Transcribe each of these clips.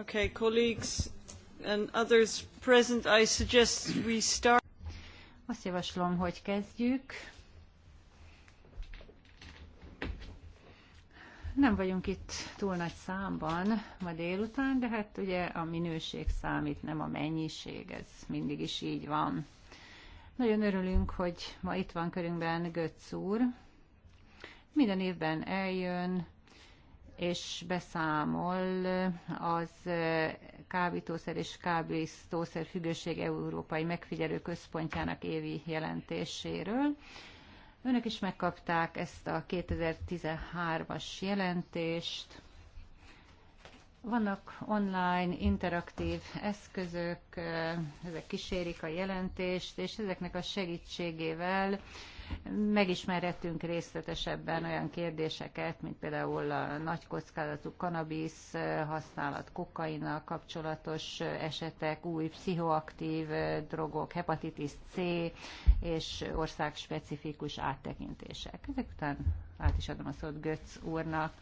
Okay, colleagues and others present, I suggest we start. Azt javaslom, hogy kezdjük. Nem vagyunk itt túl nagy számban ma délután, de hát ugye a minőség számít, nem a mennyiség, ez mindig is így van. Nagyon örülünk, hogy ma itt van körünkben Götz úr. Minden évben eljön, és beszámol az kábítószer és kábítószer függőség Európai Megfigyelő Központjának évi jelentéséről. Önök is megkapták ezt a 2013-as jelentést. Vannak online interaktív eszközök, ezek kísérik a jelentést, és ezeknek a segítségével Megismerhetünk részletesebben olyan kérdéseket, mint például a nagy kockázatú kanabisz használat, kokainnal kapcsolatos esetek, új pszichoaktív drogok, hepatitis C és országspecifikus áttekintések. Ezek után át is adom a szót Götz úrnak.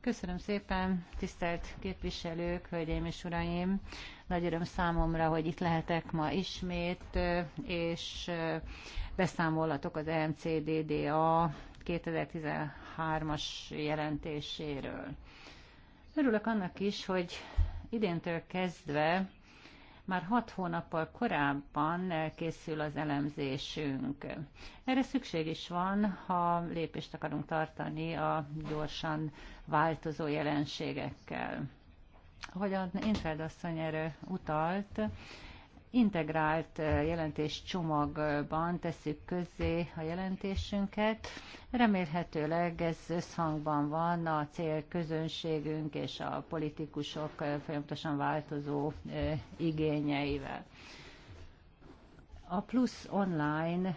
Köszönöm szépen, tisztelt képviselők, hölgyeim és uraim! Nagy öröm számomra, hogy itt lehetek ma ismét, és beszámolhatok az MCDDA 2013-as jelentéséről. Örülök annak is, hogy idéntől kezdve már hat hónappal korábban elkészül az elemzésünk. Erre szükség is van, ha lépést akarunk tartani a gyorsan változó jelenségekkel. Hogy az Infeld asszony erre utalt, integrált eh, jelentés csomagban tesszük közzé a jelentésünket. Remélhetőleg ez összhangban van a célközönségünk és a politikusok eh, folyamatosan változó eh, igényeivel. A plusz online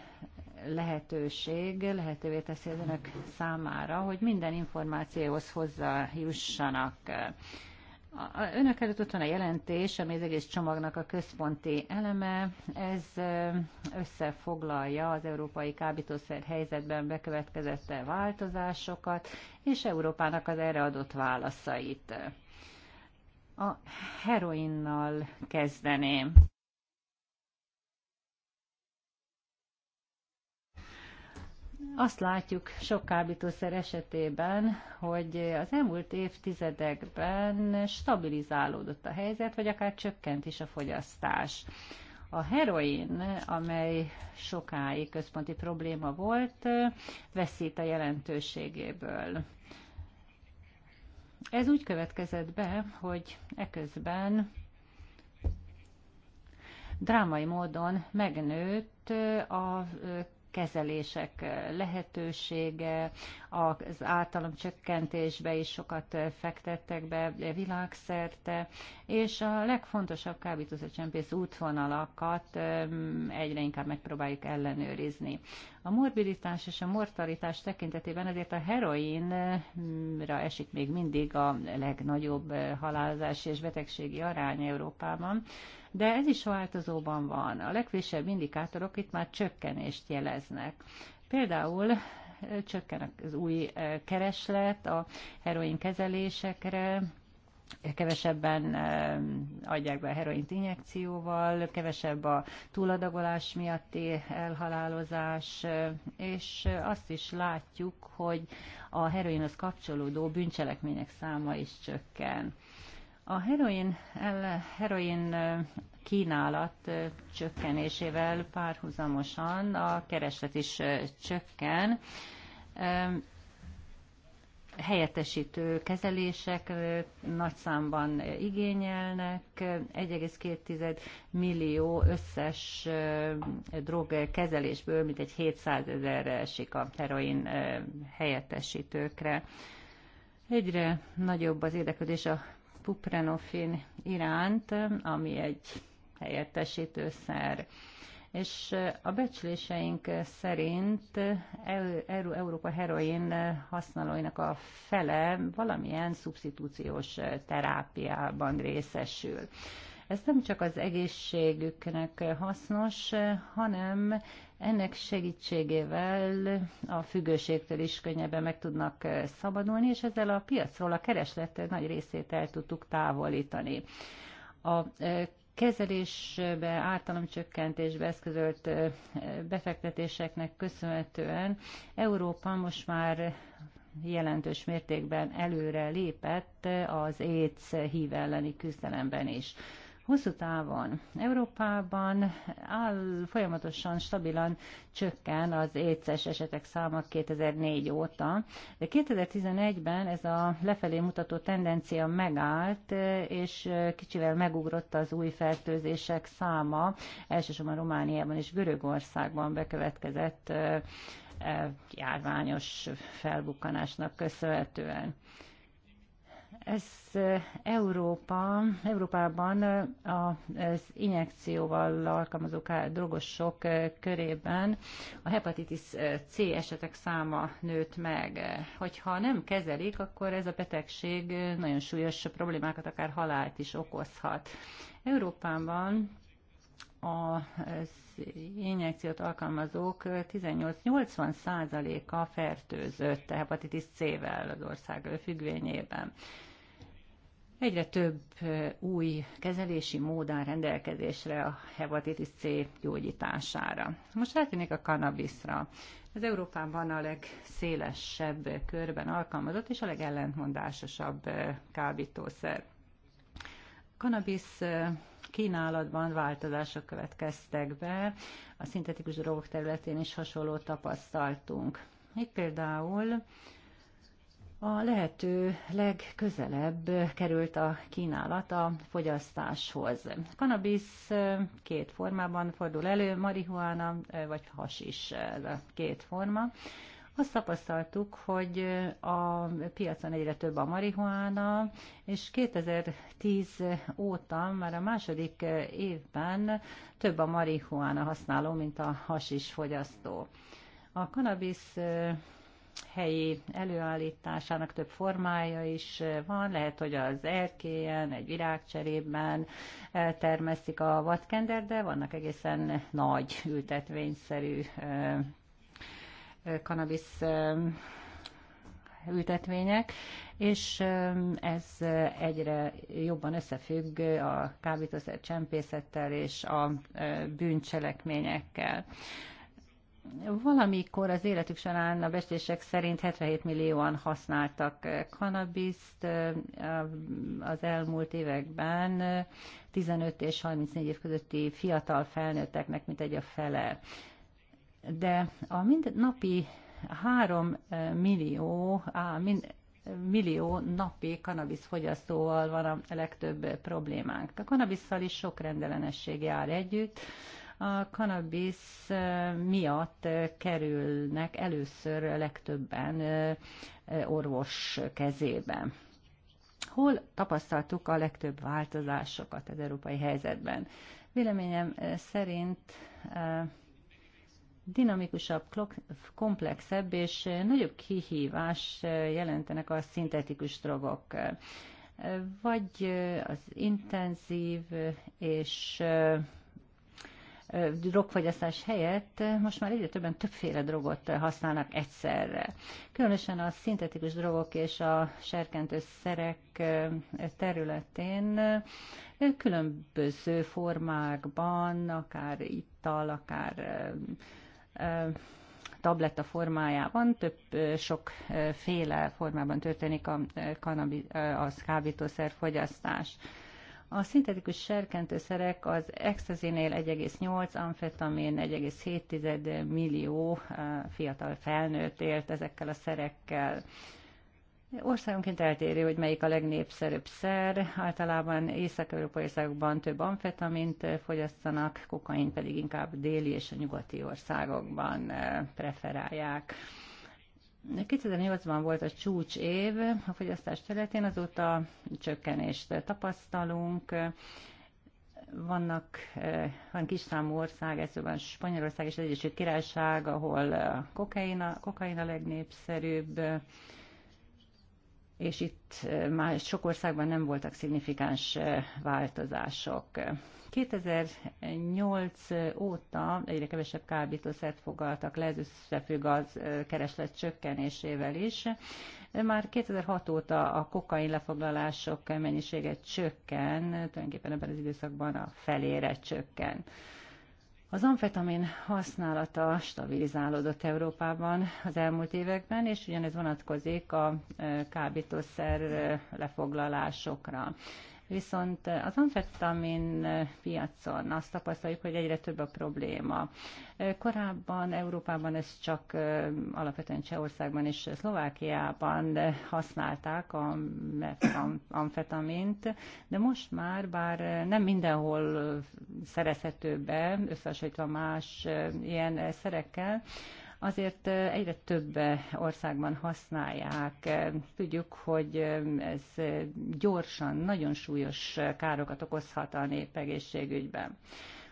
lehetőség lehetővé teszi az önök számára, hogy minden információhoz hozzájussanak. jussanak Önök előtt ott van a jelentés, ami az egész csomagnak a központi eleme. Ez összefoglalja az európai kábítószer helyzetben bekövetkezett változásokat, és Európának az erre adott válaszait. A heroinnal kezdeném. azt látjuk sok kábítószer esetében, hogy az elmúlt évtizedekben stabilizálódott a helyzet, vagy akár csökkent is a fogyasztás. A heroin, amely sokáig központi probléma volt, veszít a jelentőségéből. Ez úgy következett be, hogy eközben drámai módon megnőtt a kezelések lehetősége, az általam csökkentésbe is sokat fektettek be világszerte, és a legfontosabb kábítószercsempész útvonalakat egyre inkább megpróbáljuk ellenőrizni. A morbiditás és a mortalitás tekintetében azért a heroinra esik még mindig a legnagyobb halálozási és betegségi arány Európában de ez is változóban van. A legfrissebb indikátorok itt már csökkenést jeleznek. Például eh, csökken az új eh, kereslet a heroin kezelésekre, kevesebben eh, adják be a heroin injekcióval, kevesebb a túladagolás miatti elhalálozás, és azt is látjuk, hogy a heroinhoz kapcsolódó bűncselekmények száma is csökken. A heroin, el, heroin kínálat csökkenésével párhuzamosan a kereslet is csökken. Helyettesítő kezelések nagy számban igényelnek, 1,2 millió összes drogkezelésből egy 700 ezer esik a heroin helyettesítőkre. Egyre nagyobb az érdeklődés a puprenofin iránt, ami egy helyettesítőszer. És a becsléseink szerint Európa heroin használóinak a fele valamilyen szubstitúciós terápiában részesül. Ez nem csak az egészségüknek hasznos, hanem ennek segítségével a függőségtől is könnyebben meg tudnak szabadulni, és ezzel a piacról a kereslet nagy részét el tudtuk távolítani. A kezelésbe, ártalomcsökkentésbe eszközölt befektetéseknek köszönhetően Európa most már jelentős mértékben előre lépett az AIDS hív elleni küzdelemben is. Hosszú távon Európában áll, folyamatosan stabilan csökken az éces esetek száma 2004 óta, de 2011-ben ez a lefelé mutató tendencia megállt, és kicsivel megugrott az új fertőzések száma, elsősorban Romániában és Görögországban bekövetkezett eh, járványos felbukkanásnak köszönhetően. Ez Európa, Európában az injekcióval alkalmazó drogosok körében a hepatitis C esetek száma nőtt meg. Hogyha nem kezelik, akkor ez a betegség nagyon súlyos problémákat, akár halált is okozhat. Európában az injekciót alkalmazók 18-80%-a fertőzött hepatitis C-vel az ország függvényében. Egyre több új kezelési mód áll rendelkezésre a hepatitis C gyógyítására. Most rátérnék a kannabiszra. Ez Európában a legszélesebb körben alkalmazott és a legellentmondásosabb kábítószer. Kannabisz kínálatban változások következtek be, a szintetikus drogok területén is hasonló tapasztaltunk. Itt például a lehető legközelebb került a kínálat a fogyasztáshoz. Kanabisz két formában fordul elő, marihuána vagy has is ez a két forma. Azt tapasztaltuk, hogy a piacon egyre több a marihuána, és 2010 óta már a második évben több a marihuána használó, mint a hasis fogyasztó. A kanabisz helyi előállításának több formája is van, lehet, hogy az erkélyen, egy virágcserében termesztik a vadkender, de vannak egészen nagy ültetvényszerű kanabisz ültetvények, és ez egyre jobban összefügg a kábítószer csempészettel és a bűncselekményekkel valamikor az életük során a beszések szerint 77 millióan használtak kanabiszt az elmúlt években, 15 és 34 év közötti fiatal felnőtteknek mint egy a fele. De a mind napi 3 millió, á, mind, millió napi kanabisz fogyasztóval van a legtöbb problémánk. A kanabisszal is sok rendellenesség jár együtt, a kanabisz miatt kerülnek először legtöbben orvos kezébe. Hol tapasztaltuk a legtöbb változásokat az európai helyzetben? Véleményem szerint dinamikusabb, komplexebb és nagyobb kihívás jelentenek a szintetikus drogok. Vagy az intenzív és drogfogyasztás helyett most már egyre többen többféle drogot használnak egyszerre. Különösen a szintetikus drogok és a serkentő szerek területén különböző formákban, akár ittal, akár tabletta formájában, több sokféle formában történik a, a kábítószer fogyasztás. A szintetikus serkentőszerek az Ecstasy-nél 1,8, amfetamin 1,7 millió eh, fiatal felnőtt élt ezekkel a szerekkel. Országonként eltérő, hogy melyik a legnépszerűbb szer. Általában észak-európai országokban több amfetamint eh, fogyasztanak, kokain pedig inkább déli és a nyugati országokban eh, preferálják. 2008-ban volt a csúcs év a fogyasztás területén, azóta csökkenést tapasztalunk. Vannak, eh, van kis számú ország, elsőben Spanyolország és az Egyesült Királyság, ahol a, kokain a legnépszerűbb, és itt már sok országban nem voltak szignifikáns változások. 2008 óta egyre kevesebb kábítószert fogaltak le, ez összefügg az kereslet csökkenésével is. Már 2006 óta a kokain lefoglalások mennyisége csökken, tulajdonképpen ebben az időszakban a felére csökken. Az amfetamin használata stabilizálódott Európában az elmúlt években, és ugyanez vonatkozik a e, kábítószer e, lefoglalásokra. Viszont az amfetamin piacon azt tapasztaljuk, hogy egyre több a probléma. Korábban Európában ez csak alapvetően Csehországban és Szlovákiában használták a amfetamint, de most már bár nem mindenhol szerezhető be, összehasonlítva más ilyen szerekkel, azért eh, egyre több eh, országban használják. Eh, tudjuk, hogy ez gyorsan, nagyon súlyos károkat okozhat a népegészségügyben.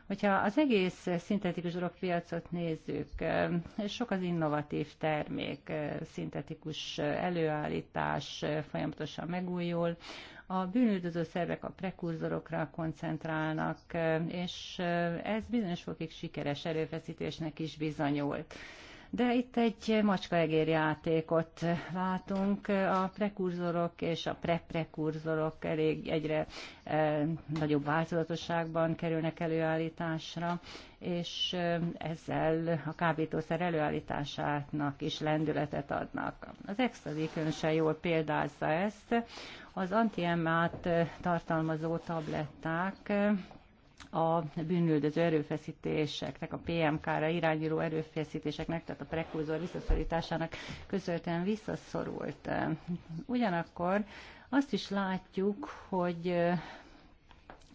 Hogyha az egész szintetikus drogpiacot nézzük, sok az innovatív termék, szintetikus előállítás folyamatosan megújul, a bűnüldöző szervek a prekurzorokra koncentrálnak, és ez bizonyos fokig sikeres erőfeszítésnek is bizonyult. De itt egy macskaegér játékot látunk. A prekurzorok és a preprekurzorok elég egyre e, nagyobb változatosságban kerülnek előállításra, és eh, ezzel a kábítószer előállításának is lendületet adnak. Az extazi különösen jól példázza ezt. Az anti tartalmazó tabletták eh, a bűnüldöző erőfeszítéseknek, a PMK-ra irányuló erőfeszítéseknek, tehát a prekurzor visszaszorításának köszönhetően visszaszorult. Ugyanakkor azt is látjuk, hogy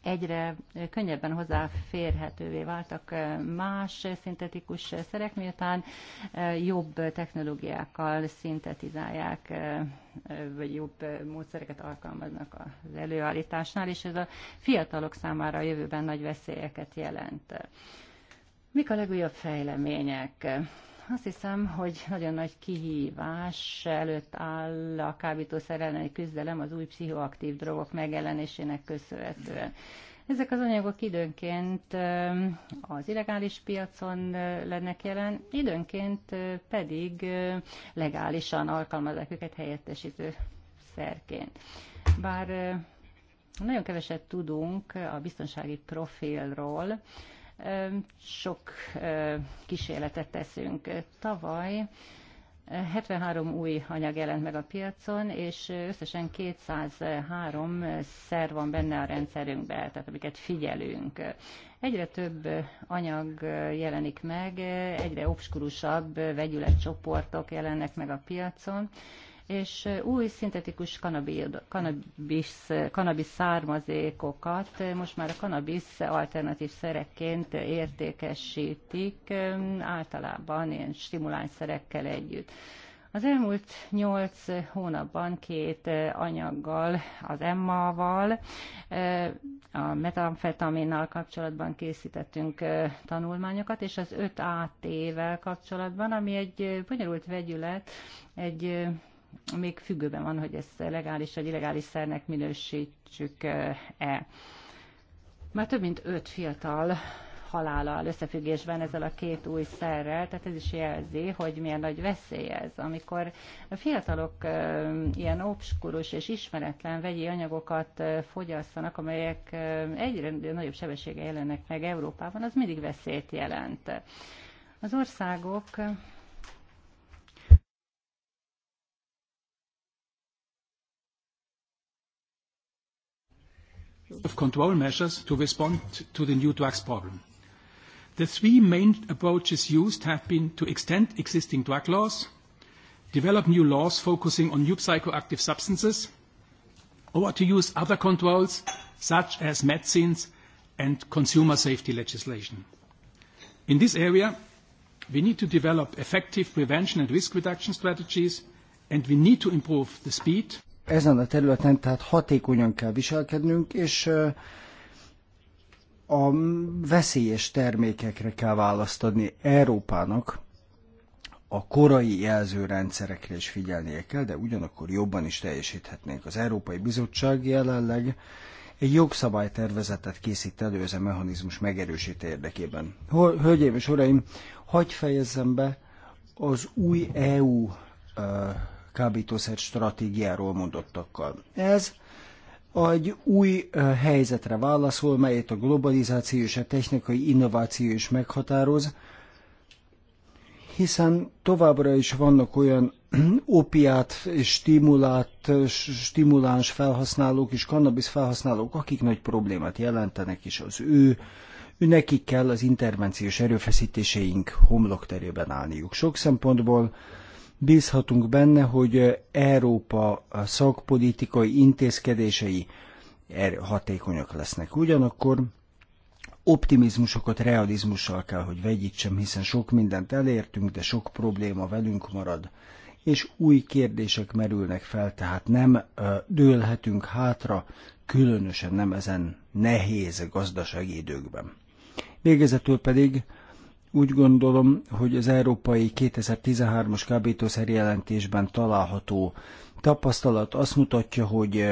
egyre könnyebben hozzáférhetővé váltak más szintetikus szerek, miután jobb technológiákkal szintetizálják, vagy jobb módszereket alkalmaznak az előállításnál, és ez a fiatalok számára a jövőben nagy veszélyeket jelent. Mik a legújabb fejlemények? Azt hiszem, hogy nagyon nagy kihívás előtt áll a kábítószer elleni küzdelem az új pszichoaktív drogok megjelenésének köszönhetően. Ezek az anyagok időnként az illegális piacon lennek jelen, időnként pedig legálisan alkalmazzák őket helyettesítő szerként. Bár nagyon keveset tudunk a biztonsági profilról, sok kísérletet teszünk. Tavaly 73 új anyag jelent meg a piacon, és összesen 203 szer van benne a rendszerünkben, tehát amiket figyelünk. Egyre több anyag jelenik meg, egyre obskurusabb vegyületcsoportok jelennek meg a piacon, és új szintetikus kanabis, kanabis származékokat most már a kanabis alternatív szerekként értékesítik, általában ilyen stimulánszerekkel együtt. Az elmúlt nyolc hónapban két anyaggal, az Emma-val, a metamfetaminnal kapcsolatban készítettünk tanulmányokat, és az 5AT-vel kapcsolatban, ami egy bonyolult vegyület, egy még függőben van, hogy ezt legális vagy illegális szernek minősítsük-e. Már több mint öt fiatal halállal összefüggésben ezzel a két új szerrel, tehát ez is jelzi, hogy milyen nagy veszély ez. Amikor a fiatalok ilyen obskurus és ismeretlen vegyi anyagokat fogyasztanak, amelyek egyre nagyobb sebessége jelennek meg Európában, az mindig veszélyt jelent. Az országok of control measures to respond to the new drugs problem. The three main approaches used have been to extend existing drug laws, develop new laws focusing on new psychoactive substances, or to use other controls such as medicines and consumer safety legislation. In this area, we need to develop effective prevention and risk reduction strategies, and we need to improve the speed ezen a területen tehát hatékonyan kell viselkednünk, és a veszélyes termékekre kell választ adni Európának, a korai jelzőrendszerekre is figyelnie kell, de ugyanakkor jobban is teljesíthetnénk. Az Európai Bizottság jelenleg egy jogszabálytervezetet készít elő ez a mechanizmus megerősít érdekében. Hölgyeim és uraim, hagyj fejezzem be az új EU kábítószer stratégiáról mondottakkal. Ez egy új eh, helyzetre válaszol, melyet a globalizáció és a technikai innováció is meghatároz, hiszen továbbra is vannak olyan opiát és stimulát, stimuláns felhasználók és kannabisz felhasználók, akik nagy problémát jelentenek, és az ő, ő nekik kell az intervenciós erőfeszítéseink homlokterében állniuk. Sok szempontból Bízhatunk benne, hogy Európa szakpolitikai intézkedései er- hatékonyak lesznek. Ugyanakkor optimizmusokat realizmussal kell, hogy vegyítsem, hiszen sok mindent elértünk, de sok probléma velünk marad, és új kérdések merülnek fel, tehát nem dőlhetünk hátra, különösen nem ezen nehéz gazdasági időkben. Végezetül pedig úgy gondolom, hogy az európai 2013-as kábítószer jelentésben található tapasztalat azt mutatja, hogy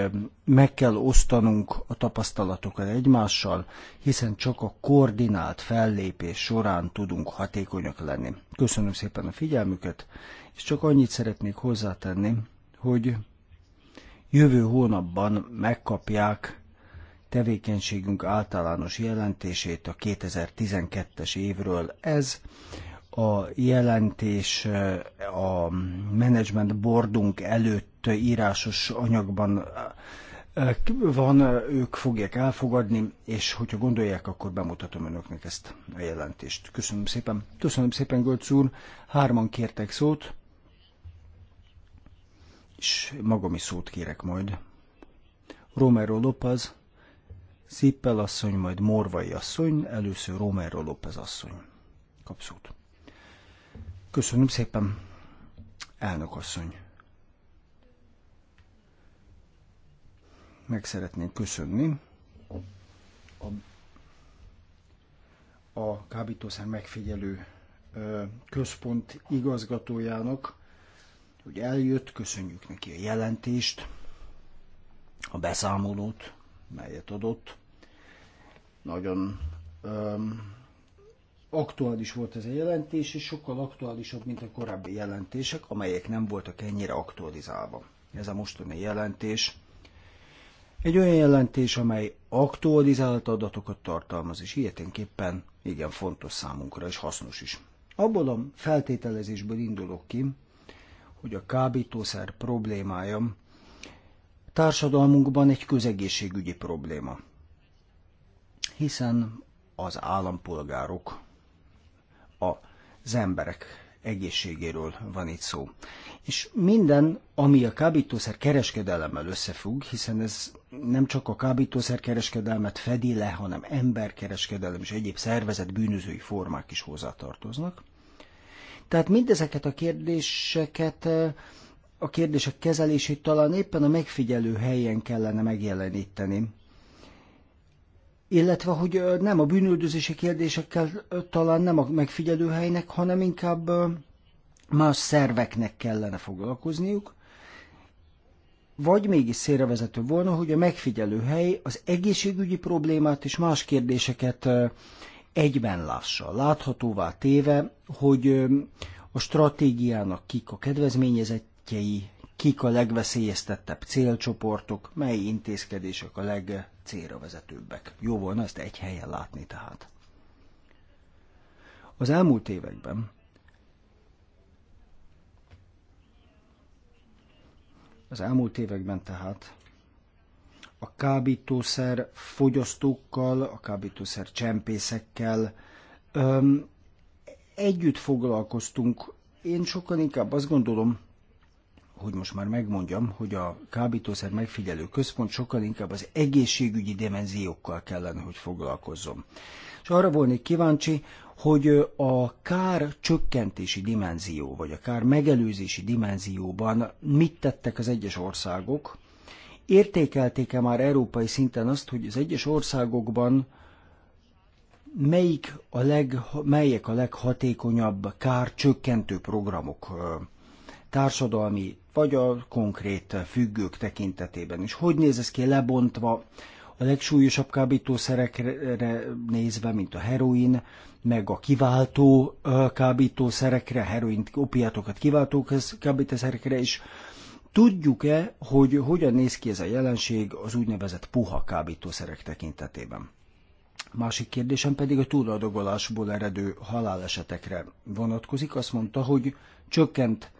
meg kell osztanunk a tapasztalatokat egymással, hiszen csak a koordinált fellépés során tudunk hatékonyak lenni. Köszönöm szépen a figyelmüket, és csak annyit szeretnék hozzátenni, hogy jövő hónapban megkapják tevékenységünk általános jelentését a 2012-es évről. Ez a jelentés eh, a Management Boardunk előtt írásos anyagban eh, van, eh, ők fogják elfogadni, és hogyha gondolják, akkor bemutatom önöknek ezt a jelentést. Köszönöm szépen. Köszönöm szépen, Gölc úr. Hárman kértek szót, és magam is szót kérek majd. Romero Lopez, Szippel asszony, majd Morvai asszony, először Romero López asszony. Kapszót. Köszönöm szépen, elnök asszony. Meg szeretném köszönni a, a kábítószer megfigyelő központ igazgatójának, hogy eljött, köszönjük neki a jelentést, a beszámolót, melyet adott. Nagyon um, aktuális volt ez a jelentés, és sokkal aktuálisabb, mint a korábbi jelentések, amelyek nem voltak ennyire aktualizálva. Ez a mostani jelentés egy olyan jelentés, amely aktualizált adatokat tartalmaz, és ilyeténképpen igen fontos számunkra és hasznos is. Abból a feltételezésből indulok ki, hogy a kábítószer problémája társadalmunkban egy közegészségügyi probléma hiszen az állampolgárok, az emberek egészségéről van itt szó. És minden, ami a kábítószer kereskedelemmel összefügg, hiszen ez nem csak a kábítószer kereskedelmet fedi le, hanem emberkereskedelem és egyéb szervezet bűnözői formák is hozzátartoznak. Tehát mindezeket a kérdéseket, a kérdések kezelését talán éppen a megfigyelő helyen kellene megjeleníteni, illetve hogy nem a bűnöldözési kérdésekkel talán nem a megfigyelőhelynek, hanem inkább más szerveknek kellene foglalkozniuk, vagy mégis szélrevezető volna, hogy a megfigyelőhely az egészségügyi problémát és más kérdéseket egyben lássa, láthatóvá téve, hogy a stratégiának kik a kedvezményezettjei, kik a legveszélyeztettebb célcsoportok, mely intézkedések a legcélra vezetőbbek. Jó volna ezt egy helyen látni tehát. Az elmúlt években az elmúlt években tehát a kábítószer fogyasztókkal, a kábítószer csempészekkel öm, együtt foglalkoztunk. Én sokkal inkább azt gondolom, hogy most már megmondjam, hogy a kábítószer megfigyelő központ sokkal inkább az egészségügyi dimenziókkal kellene, hogy foglalkozzon. És arra volnék kíváncsi, hogy a kár csökkentési dimenzió, vagy a kár megelőzési dimenzióban mit tettek az egyes országok, értékelték-e már európai szinten azt, hogy az egyes országokban melyik a leg, melyek a leghatékonyabb kárcsökkentő programok, társadalmi vagy a konkrét függők tekintetében is. Hogy néz ez ki lebontva? A legsúlyosabb kábítószerekre nézve, mint a heroin, meg a kiváltó kábítószerekre, heroin opiátokat kiváltó kábítószerekre is. Tudjuk-e, hogy hogyan néz ki ez a jelenség az úgynevezett puha kábítószerek tekintetében? Másik kérdésem pedig a túladagolásból eredő halálesetekre vonatkozik. Azt mondta, hogy csökkent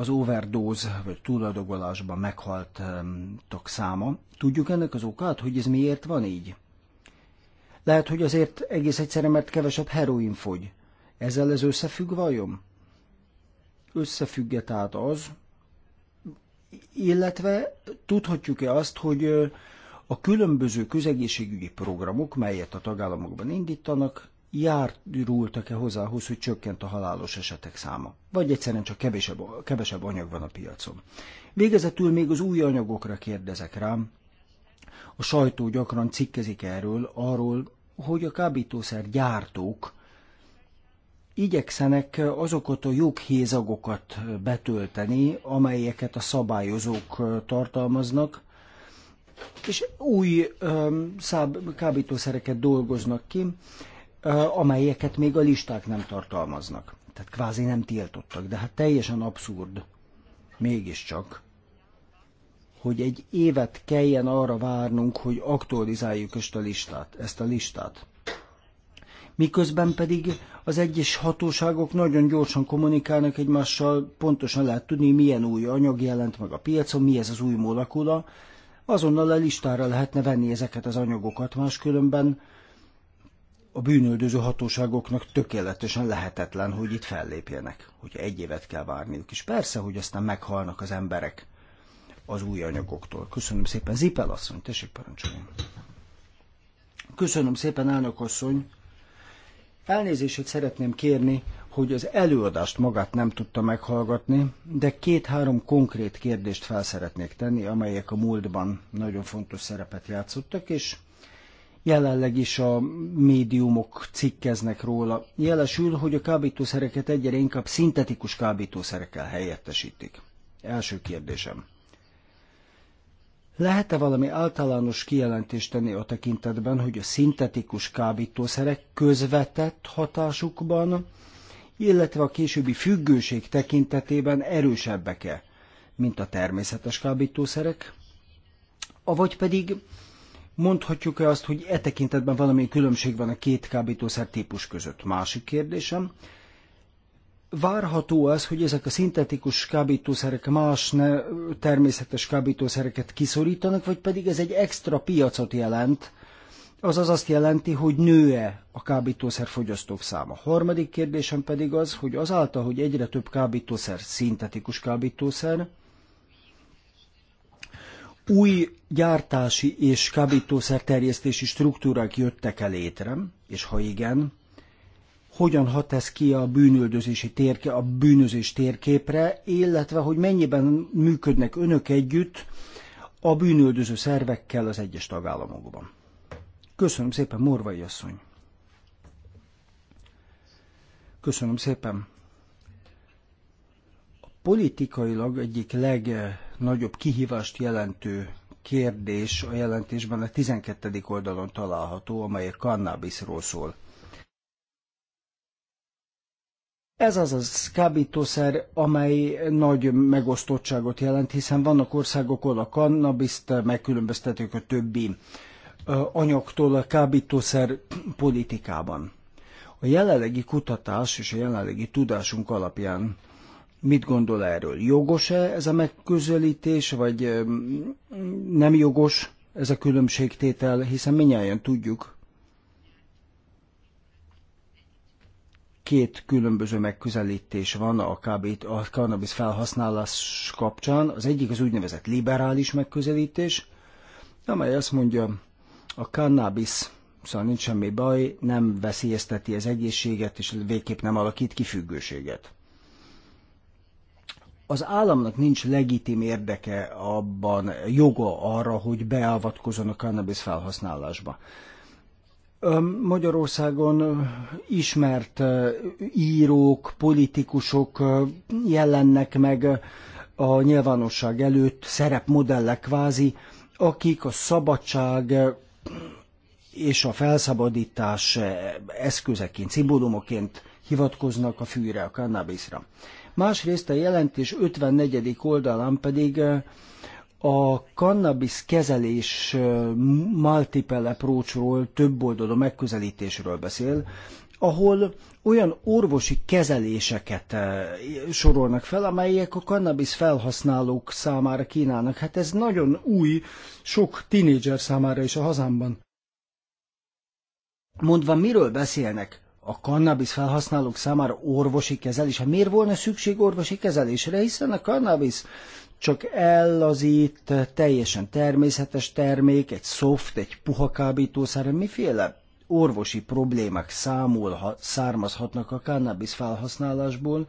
az overdose vagy túladogolásban meghaltak száma. Tudjuk ennek az okát, hogy ez miért van így? Lehet, hogy azért egész egyszerűen, mert kevesebb heroin fogy. Ezzel ez összefügg vajon? Összefügge tehát az, illetve tudhatjuk-e azt, hogy a különböző közegészségügyi programok, melyet a tagállamokban indítanak, járultak-e hozzá ahhoz, hogy csökkent a halálos esetek száma, vagy egyszerűen csak kevesebb, kevesebb anyag van a piacon. Végezetül még az új anyagokra kérdezek rám. A sajtó gyakran cikkezik erről, arról, hogy a kábítószer gyártók igyekszenek azokat a joghézagokat betölteni, amelyeket a szabályozók tartalmaznak, és új um, száb, kábítószereket dolgoznak ki amelyeket még a listák nem tartalmaznak. Tehát kvázi nem tiltottak, de hát teljesen abszurd mégiscsak, hogy egy évet kelljen arra várnunk, hogy aktualizáljuk ezt a listát. Ezt a listát. Miközben pedig az egyes hatóságok nagyon gyorsan kommunikálnak egymással, pontosan lehet tudni, milyen új anyag jelent meg a piacon, mi ez az új molekula, azonnal a listára lehetne venni ezeket az anyagokat, máskülönben a bűnöldöző hatóságoknak tökéletesen lehetetlen, hogy itt fellépjenek, hogy egy évet kell várniuk. És persze, hogy aztán meghalnak az emberek az új anyagoktól. Köszönöm szépen. Zipel asszony, tessék parancsolni. Köszönöm szépen, elnök asszony. Elnézését szeretném kérni, hogy az előadást magát nem tudta meghallgatni, de két-három konkrét kérdést fel szeretnék tenni, amelyek a múltban nagyon fontos szerepet játszottak, és Jelenleg is a médiumok cikkeznek róla. Jelesül, hogy a kábítószereket egyre inkább szintetikus kábítószerekkel helyettesítik. Első kérdésem. Lehet-e valami általános kijelentést tenni a tekintetben, hogy a szintetikus kábítószerek közvetett hatásukban, illetve a későbbi függőség tekintetében erősebbek-e, mint a természetes kábítószerek? Avagy pedig Mondhatjuk-e azt, hogy e tekintetben valami különbség van a két kábítószer típus között? Másik kérdésem. Várható az, hogy ezek a szintetikus kábítószerek más ne, természetes kábítószereket kiszorítanak, vagy pedig ez egy extra piacot jelent, azaz azt jelenti, hogy nő-e a kábítószer fogyasztók száma. Harmadik kérdésem pedig az, hogy azáltal, hogy egyre több kábítószer szintetikus kábítószer, új gyártási és kábítószer terjesztési struktúrák jöttek el létre, és ha igen, hogyan hat ez ki a bűnöldözési térke, a bűnözés térképre, illetve hogy mennyiben működnek önök együtt a bűnöldöző szervekkel az egyes tagállamokban. Köszönöm szépen, Morvai asszony! Köszönöm szépen! A politikailag egyik leg legnagyobb kihívást jelentő kérdés a jelentésben a 12. oldalon található, amely a kannabiszról szól. Ez az a kábítószer, amely nagy megosztottságot jelent, hiszen vannak országok, ahol a kannabiszt megkülönböztetők a többi anyagtól a kábítószer politikában. A jelenlegi kutatás és a jelenlegi tudásunk alapján Mit gondol erről? Jogos-e ez a megközelítés, vagy nem jogos ez a különbségtétel, hiszen minnyáján tudjuk, két különböző megközelítés van a, KB, a cannabis felhasználás kapcsán. Az egyik az úgynevezett liberális megközelítés, amely azt mondja, a cannabis, szóval nincs semmi baj, nem veszélyezteti az egészséget, és végképp nem alakít ki függőséget az államnak nincs legitim érdeke abban, joga arra, hogy beavatkozzon a cannabis felhasználásba. Magyarországon ismert írók, politikusok jelennek meg a nyilvánosság előtt, szerepmodellek kvázi, akik a szabadság és a felszabadítás eszközeként, szimbólumoként hivatkoznak a fűre, a cannabiszra. Másrészt a jelentés 54. oldalán pedig eh, a cannabis kezelés eh, multiple approachról, több oldalú megközelítésről beszél, ahol olyan orvosi kezeléseket eh, sorolnak fel, amelyek a cannabis felhasználók számára kínálnak. Hát ez nagyon új, sok tinédzser számára is a hazámban. Mondva, miről beszélnek? a kannabisz felhasználók számára orvosi kezelés. Hát miért volna szükség orvosi kezelésre, hiszen a kannabisz csak ellazít, teljesen természetes termék, egy szoft, egy puha kábítószer, miféle orvosi problémák számolha, származhatnak a kannabisz felhasználásból,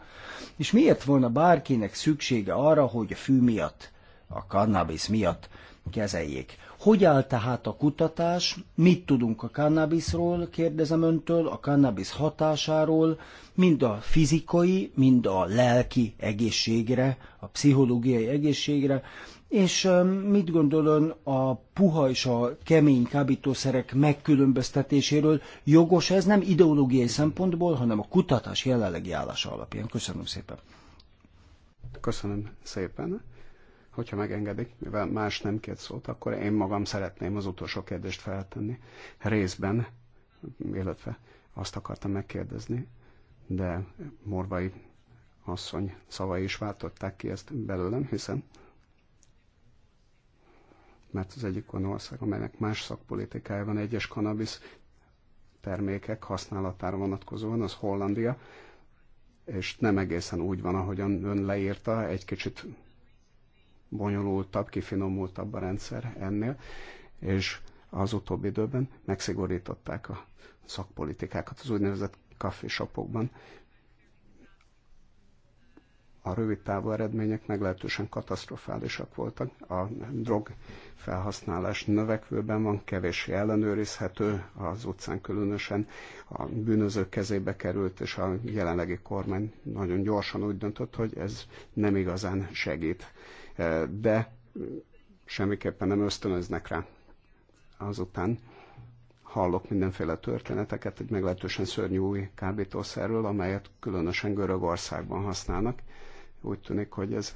és miért volna bárkinek szüksége arra, hogy a fű miatt, a kannabisz miatt kezeljék. Hogy áll tehát a kutatás? Mit tudunk a kannabiszról, kérdezem öntől, a kannabisz hatásáról, mind a fizikai, mind a lelki egészségre, a pszichológiai egészségre, és mit gondol ön a puha és a kemény kábítószerek megkülönböztetéséről? Jogos ez nem ideológiai szempontból, hanem a kutatás jelenlegi állása alapján. Köszönöm szépen. Köszönöm szépen. Hogyha megengedik, mivel más nem két szót, akkor én magam szeretném az utolsó kérdést feltenni. Részben, illetve azt akartam megkérdezni, de Morvai asszony szavai is váltották ki ezt belőlem, hiszen mert az egyik olyan ország, amelynek más szakpolitikája van egyes kanabisz termékek használatára vonatkozóan, az Hollandia, és nem egészen úgy van, ahogyan ön leírta, egy kicsit bonyolultabb, kifinomultabb a rendszer ennél, és az utóbbi időben megszigorították a szakpolitikákat az úgynevezett kaffésapokban. A rövid távú eredmények meglehetősen katasztrofálisak voltak. A drog felhasználás növekvőben van, kevéssé ellenőrizhető, az utcán különösen a bűnözők kezébe került, és a jelenlegi kormány nagyon gyorsan úgy döntött, hogy ez nem igazán segít de semmiképpen nem ösztönöznek rá. Azután hallok mindenféle történeteket egy meglehetősen szörnyű új kábítószerről, amelyet különösen Görögországban használnak. Úgy tűnik, hogy ez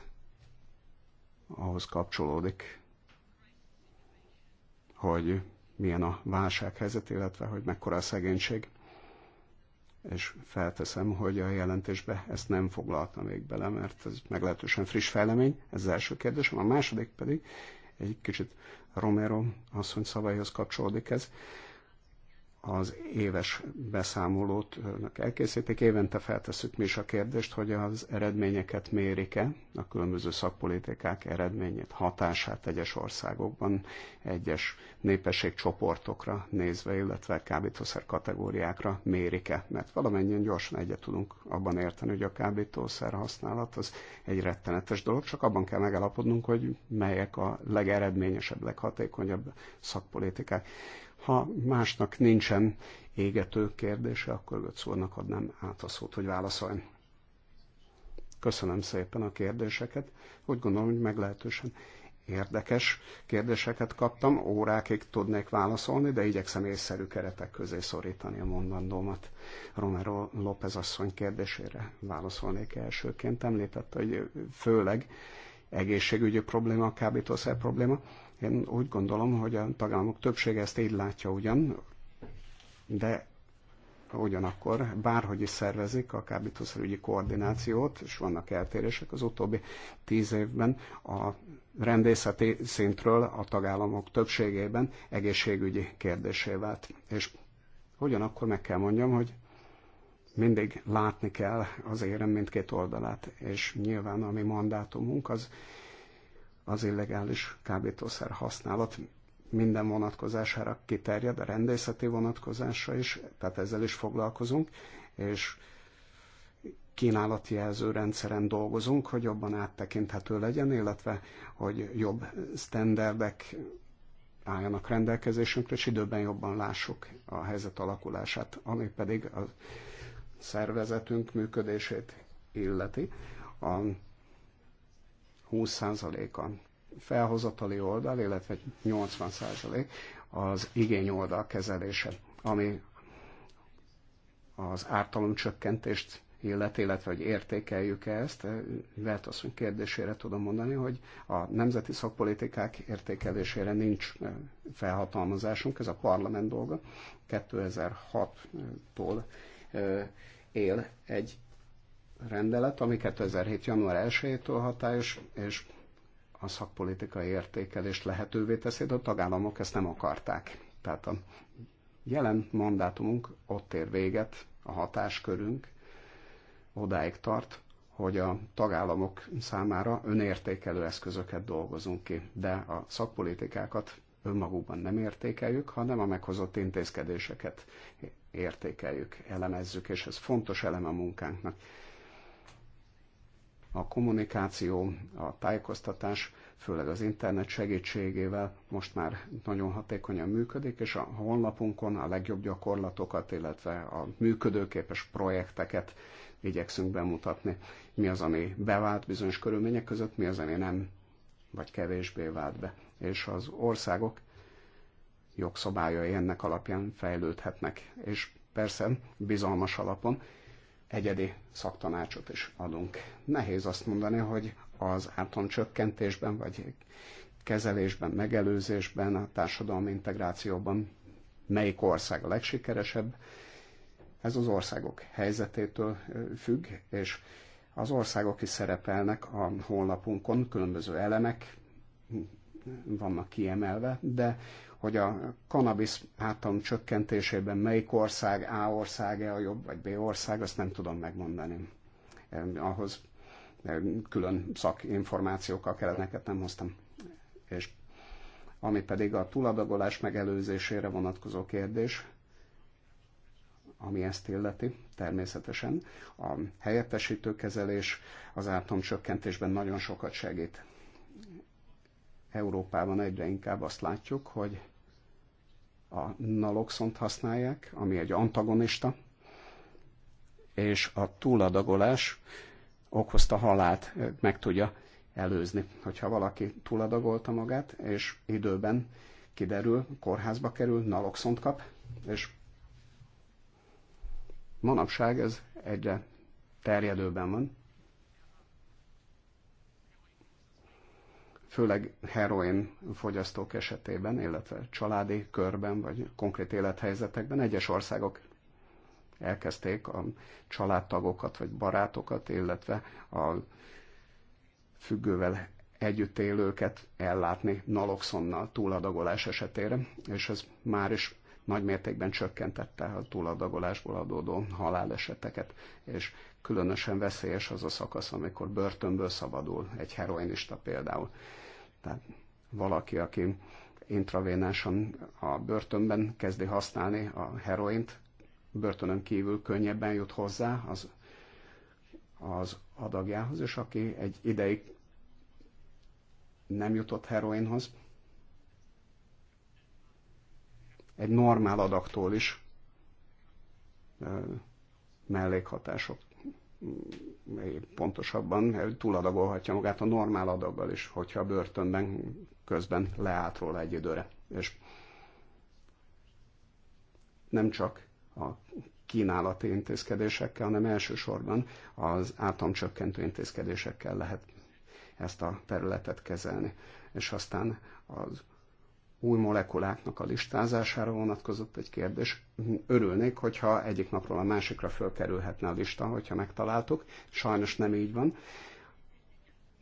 ahhoz kapcsolódik, hogy milyen a válsághelyzet, illetve hogy mekkora a szegénység és felteszem, hogy a jelentésbe ezt nem foglalta még bele, mert ez meglehetősen friss fejlemény, ez az első kérdésem. A második pedig egy kicsit Romero asszony szavaihoz kapcsolódik ez az éves beszámolót elkészítik. Évente feltesszük mi is a kérdést, hogy az eredményeket mérik-e, a különböző szakpolitikák eredményét, hatását egyes országokban, egyes népességcsoportokra nézve, illetve kábítószer kategóriákra mérik-e. Mert valamennyien gyorsan egyet tudunk abban érteni, hogy a kábítószer használat az egy rettenetes dolog, csak abban kell megállapodnunk, hogy melyek a legeredményesebb, leghatékonyabb szakpolitikák ha másnak nincsen égető kérdése, akkor Götszónak adnám át a szót, hogy válaszoljon. Köszönöm szépen a kérdéseket. Úgy gondolom, hogy meglehetősen érdekes kérdéseket kaptam. Órákig tudnék válaszolni, de igyekszem észszerű keretek közé szorítani a mondandómat. Romero López asszony kérdésére válaszolnék elsőként. Említette, hogy főleg egészségügyi probléma, kábítószer probléma, én úgy gondolom, hogy a tagállamok többsége ezt így látja ugyan, de ugyanakkor bárhogy is szervezik a kábítószerügyi koordinációt, és vannak eltérések az utóbbi tíz évben, a rendészeti szintről a tagállamok többségében egészségügyi kérdésé vált. És ugyanakkor meg kell mondjam, hogy mindig látni kell az érem mindkét oldalát, és nyilván a mi mandátumunk az az illegális kábítószer használat minden vonatkozására kiterjed, a rendészeti vonatkozásra is, tehát ezzel is foglalkozunk, és kínálati jelzőrendszeren dolgozunk, hogy jobban áttekinthető legyen, illetve hogy jobb sztenderdek álljanak rendelkezésünkre, és időben jobban lássuk a helyzet alakulását, ami pedig a szervezetünk működését illeti. A 20%-a felhozatali oldal, illetve 80% az igény oldal kezelése, ami az ártalomcsökkentést illet, illetve hogy értékeljük -e ezt. Lehet azt, hogy kérdésére tudom mondani, hogy a nemzeti szakpolitikák értékelésére nincs felhatalmazásunk, ez a parlament dolga. 2006-tól él egy rendelet, ami 2007. január 1-től hatályos, és a szakpolitikai értékelést lehetővé teszi, de a tagállamok ezt nem akarták. Tehát a jelen mandátumunk ott ér véget, a hatáskörünk odáig tart, hogy a tagállamok számára önértékelő eszközöket dolgozunk ki, de a szakpolitikákat önmagukban nem értékeljük, hanem a meghozott intézkedéseket értékeljük, elemezzük, és ez fontos eleme a munkánknak a kommunikáció, a tájékoztatás, főleg az internet segítségével most már nagyon hatékonyan működik, és a honlapunkon a legjobb gyakorlatokat, illetve a működőképes projekteket igyekszünk bemutatni. Mi az, ami bevált bizonyos körülmények között, mi az, ami nem, vagy kevésbé vált be. És az országok jogszabályai ennek alapján fejlődhetnek, és persze bizalmas alapon, egyedi szaktanácsot is adunk. Nehéz azt mondani, hogy az átom csökkentésben, vagy kezelésben, megelőzésben, a társadalmi integrációban melyik ország a legsikeresebb. Ez az országok helyzetétől függ, és az országok is szerepelnek a honlapunkon, különböző elemek vannak kiemelve, de hogy a kanabisz hátam csökkentésében melyik ország, A ország a jobb, vagy B ország, azt nem tudom megmondani. Ahhoz külön szakinformációkkal kellett, neked nem hoztam. És ami pedig a túladagolás megelőzésére vonatkozó kérdés, ami ezt illeti, természetesen. A helyettesítő kezelés az átomcsökkentésben nagyon sokat segít. Európában egyre inkább azt látjuk, hogy a naloxont használják, ami egy antagonista, és a túladagolás okozta halált meg tudja előzni. Hogyha valaki túladagolta magát, és időben kiderül, kórházba kerül, naloxont kap, és manapság ez egyre terjedőben van. főleg heroin fogyasztók esetében, illetve családi körben, vagy konkrét élethelyzetekben egyes országok elkezdték a családtagokat, vagy barátokat, illetve a függővel együtt élőket ellátni naloxonnal túladagolás esetére, és ez már is nagy mértékben csökkentette a túladagolásból adódó haláleseteket, és különösen veszélyes az a szakasz, amikor börtönből szabadul egy heroinista például. Tehát valaki, aki intravénásan a börtönben kezdi használni a heroint, börtönön kívül könnyebben jut hozzá az, az adagjához, és aki egy ideig nem jutott heroinhoz, egy normál adagtól is mellékhatások pontosabban túladagolhatja magát a normál adaggal is, hogyha a börtönben közben leállt róla egy időre. És nem csak a kínálati intézkedésekkel, hanem elsősorban az átomcsökkentő intézkedésekkel lehet ezt a területet kezelni. És aztán az új molekuláknak a listázására vonatkozott egy kérdés. Örülnék, hogyha egyik napról a másikra fölkerülhetne a lista, hogyha megtaláltuk. Sajnos nem így van.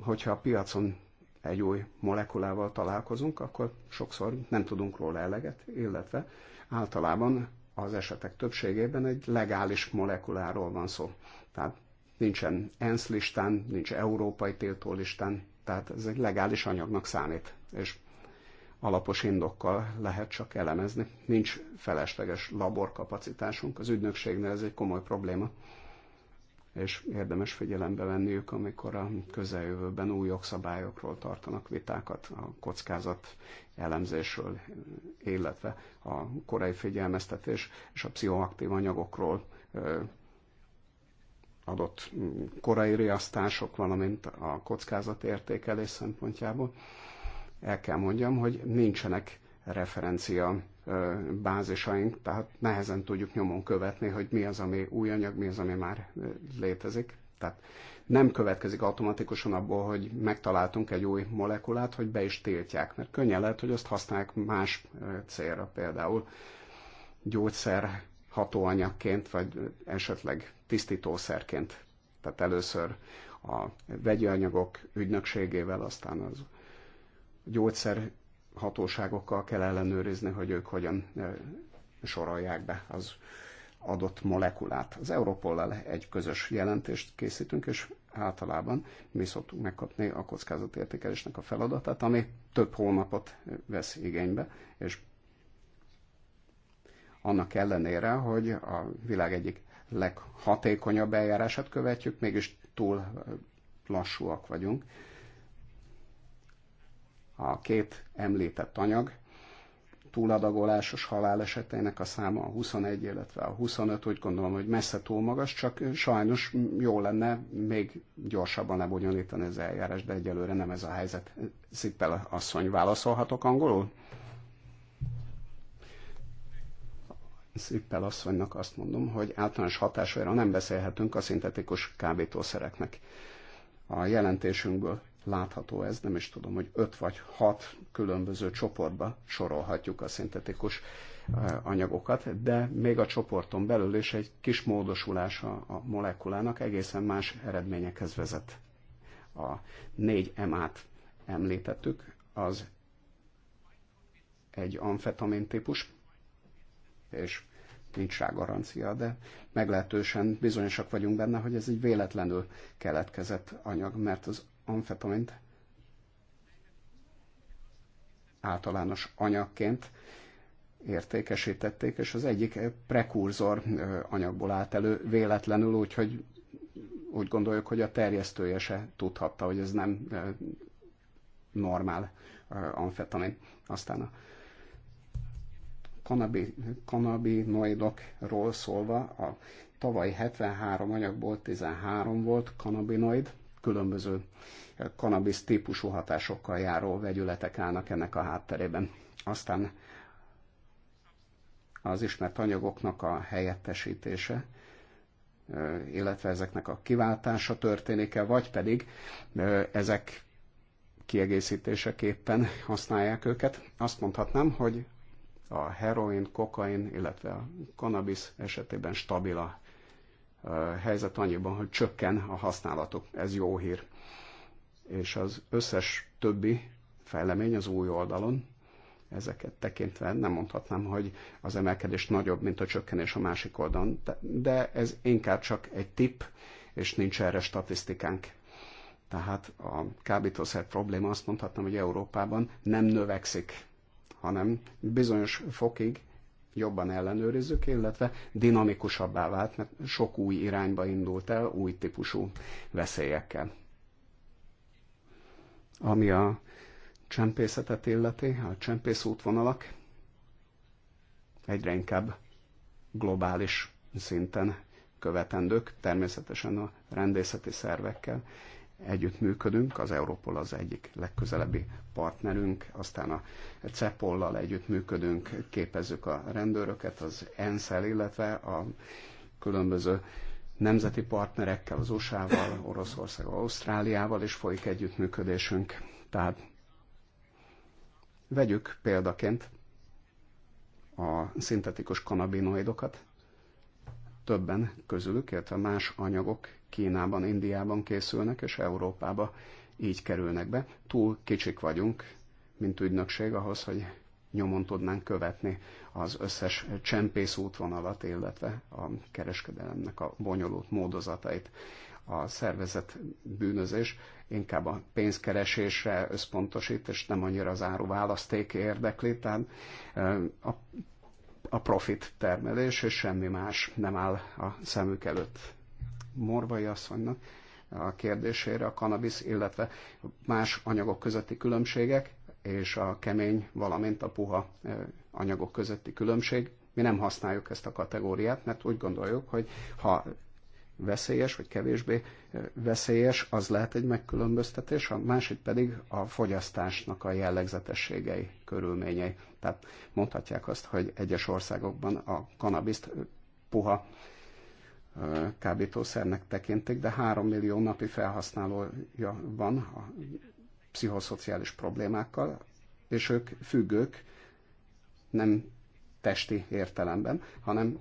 Hogyha a piacon egy új molekulával találkozunk, akkor sokszor nem tudunk róla eleget, illetve általában az esetek többségében egy legális molekuláról van szó. Tehát nincsen ENSZ listán, nincs európai tiltólistán, tehát ez egy legális anyagnak számít. És alapos indokkal lehet csak elemezni. Nincs felesleges laborkapacitásunk, az ügynökségnél ez egy komoly probléma, és érdemes figyelembe venniük, amikor a közeljövőben új jogszabályokról tartanak vitákat, a kockázat elemzésről, illetve a korai figyelmeztetés és a pszichoaktív anyagokról adott mm, korai riasztások, valamint a kockázatértékelés szempontjából el kell mondjam, hogy nincsenek referencia bázisaink, tehát nehezen tudjuk nyomon követni, hogy mi az, ami új anyag, mi az, ami már létezik. Tehát nem következik automatikusan abból, hogy megtaláltunk egy új molekulát, hogy be is tiltják, mert könnyen lehet, hogy azt használják más célra, például gyógyszer hatóanyagként, vagy esetleg tisztítószerként. Tehát először a vegyi anyagok ügynökségével, aztán az hatóságokkal kell ellenőrizni, hogy ők hogyan sorolják be az adott molekulát. Az Europollal egy közös jelentést készítünk, és általában mi szoktunk megkapni a kockázatértékelésnek a feladatát, ami több hónapot vesz igénybe, és annak ellenére, hogy a világ egyik leghatékonyabb eljárását követjük, mégis túl lassúak vagyunk a két említett anyag túladagolásos haláleseteinek a száma a 21, illetve a 25, úgy gondolom, hogy messze túl magas, csak sajnos jó lenne még gyorsabban lebonyolítani az eljárás, de egyelőre nem ez a helyzet. Szippel asszony, válaszolhatok angolul? Szippel asszonynak azt mondom, hogy általános hatásaira nem beszélhetünk a szintetikus kábítószereknek. A jelentésünkből látható ez, nem is tudom, hogy öt vagy hat különböző csoportba sorolhatjuk a szintetikus eh, anyagokat, de még a csoporton belül is egy kis módosulás a molekulának egészen más eredményekhez vezet. A 4 m át említettük, az egy amfetamin típus, és nincs rá garancia, de meglehetősen bizonyosak vagyunk benne, hogy ez egy véletlenül keletkezett anyag, mert az 11 point általános anyagként értékesítették, és az egyik prekurzor anyagból állt elő véletlenül, úgyhogy úgy gondoljuk, hogy a terjesztője se tudhatta, hogy ez nem normál amfetamin. Aztán a kanabi, kanabinoidokról szólva, a tavaly 73 anyagból 13 volt kanabinoid, különböző cannabis típusú hatásokkal járó vegyületek állnak ennek a hátterében. Aztán az ismert anyagoknak a helyettesítése, illetve ezeknek a kiváltása történik-e, vagy pedig ezek kiegészítéseképpen használják őket. Azt mondhatnám, hogy a heroin, kokain, illetve a cannabis esetében stabil a helyzet annyiban, hogy csökken a használatuk. Ez jó hír. És az összes többi fejlemény az új oldalon, ezeket tekintve nem mondhatnám, hogy az emelkedés nagyobb, mint a csökkenés a másik oldalon, de ez inkább csak egy tipp, és nincs erre statisztikánk. Tehát a kábítószer probléma azt mondhatnám, hogy Európában nem növekszik, hanem bizonyos fokig jobban ellenőrizzük, illetve dinamikusabbá vált, mert sok új irányba indult el, új típusú veszélyekkel. Ami a csempészetet illeti, a csempész útvonalak egyre inkább globális szinten követendők, természetesen a rendészeti szervekkel együttműködünk, az Európol az egyik legközelebbi partnerünk, aztán a CEPOL-lal együttműködünk, képezzük a rendőröket, az ensz illetve a különböző nemzeti partnerekkel, az USA-val, Oroszországgal, Ausztráliával is folyik együttműködésünk. Tehát vegyük példaként a szintetikus kanabinoidokat, többen közülük, illetve más anyagok Kínában, Indiában készülnek, és Európába így kerülnek be. Túl kicsik vagyunk, mint ügynökség ahhoz, hogy nyomon tudnánk követni az összes csempész útvonalat, illetve a kereskedelemnek a bonyolult módozatait. A szervezet bűnözés inkább a pénzkeresésre összpontosít, és nem annyira az választék érdekli, tehát a, a profit termelés, és semmi más nem áll a szemük előtt Morvai asszonynak a kérdésére a kanabisz, illetve más anyagok közötti különbségek és a kemény, valamint a puha anyagok közötti különbség. Mi nem használjuk ezt a kategóriát, mert úgy gondoljuk, hogy ha veszélyes, vagy kevésbé veszélyes, az lehet egy megkülönböztetés, a másik pedig a fogyasztásnak a jellegzetességei, körülményei. Tehát mondhatják azt, hogy egyes országokban a kanabiszt puha kábítószernek tekintik, de 3 millió napi felhasználója van a pszichoszociális problémákkal, és ők függők nem testi értelemben, hanem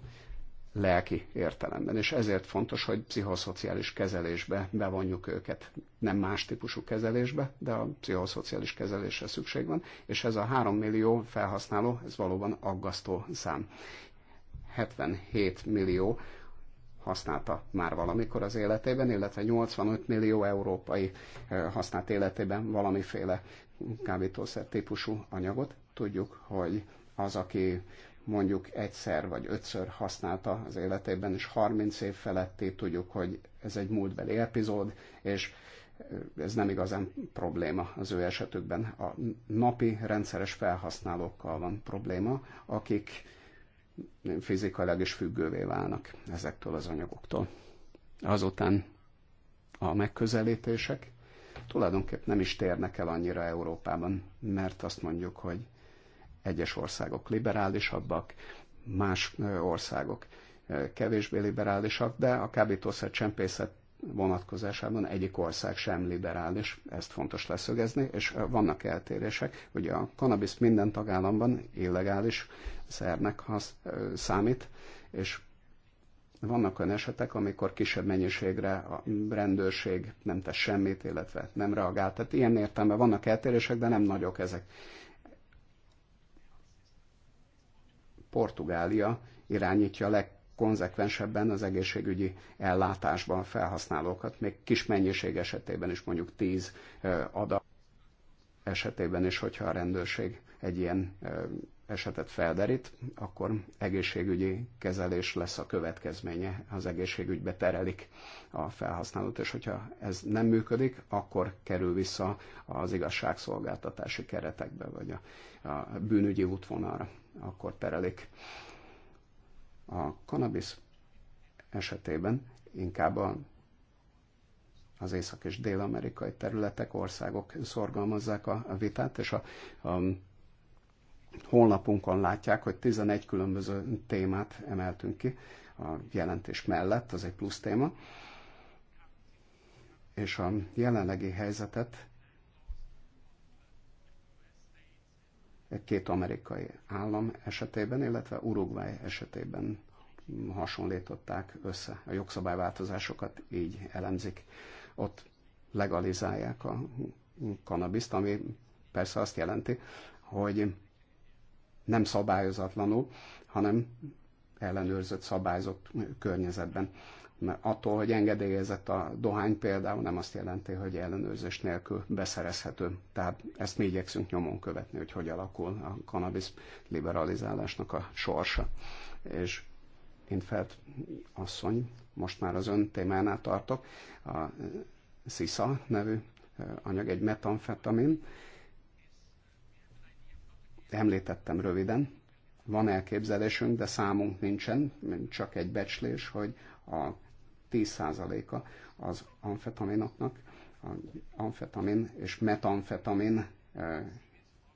lelki értelemben. És ezért fontos, hogy pszichoszociális kezelésbe bevonjuk őket. Nem más típusú kezelésbe, de a pszichoszociális kezelésre szükség van. És ez a 3 millió felhasználó, ez valóban aggasztó szám. 77 millió használta már valamikor az életében, illetve 85 millió európai eh, használt életében valamiféle kábítószer típusú anyagot. Tudjuk, hogy az, aki mondjuk egyszer vagy ötször használta az életében, és 30 év feletti tudjuk, hogy ez egy múltbeli epizód, és eh, ez nem igazán probléma az ő esetükben. A napi rendszeres felhasználókkal van probléma, akik fizikailag is függővé válnak ezektől az anyagoktól. Azután a megközelítések tulajdonképpen nem is térnek el annyira Európában, mert azt mondjuk, hogy egyes országok liberálisabbak, más országok kevésbé liberálisak, de a kábítószer csempészet vonatkozásában egyik ország sem liberális, ezt fontos leszögezni, és vannak eltérések. hogy a kanabisz minden tagállamban illegális szernek hasz, számít, és vannak olyan esetek, amikor kisebb mennyiségre a rendőrség nem tesz semmit, illetve nem reagál. Tehát ilyen értelme vannak eltérések, de nem nagyok ezek. Portugália irányítja a leg konzekvensebben az egészségügyi ellátásban felhasználókat, még kis mennyiség esetében is mondjuk 10 adat esetében is, hogyha a rendőrség egy ilyen esetet felderít, akkor egészségügyi kezelés lesz a következménye, az egészségügybe terelik a felhasználót, és hogyha ez nem működik, akkor kerül vissza az igazságszolgáltatási keretekbe, vagy a, a bűnügyi útvonalra, akkor terelik a cannabis esetében inkább a, az észak- és dél-amerikai területek, országok szorgalmazzák a, vitát, és a, a honlapunkon látják, hogy 11 különböző témát emeltünk ki a jelentés mellett, az egy plusz téma, és a jelenlegi helyzetet két amerikai állam esetében, illetve Uruguay esetében hasonlították össze a jogszabályváltozásokat, így elemzik. Ott legalizálják a kanabiszt, ami persze azt jelenti, hogy nem szabályozatlanul, hanem ellenőrzött, szabályzott környezetben mert attól, hogy engedélyezett a dohány például, nem azt jelenti, hogy ellenőrzés nélkül beszerezhető. Tehát ezt mi igyekszünk nyomon követni, hogy hogy alakul a kanabis liberalizálásnak a sorsa. És felt asszony, most már az ön témánál tartok, a SISA nevű anyag, egy metamfetamin. Említettem röviden, van elképzelésünk, de számunk nincsen, csak egy becslés, hogy a 10%-a az amfetaminoknak, amfetamin és metamfetamin eh,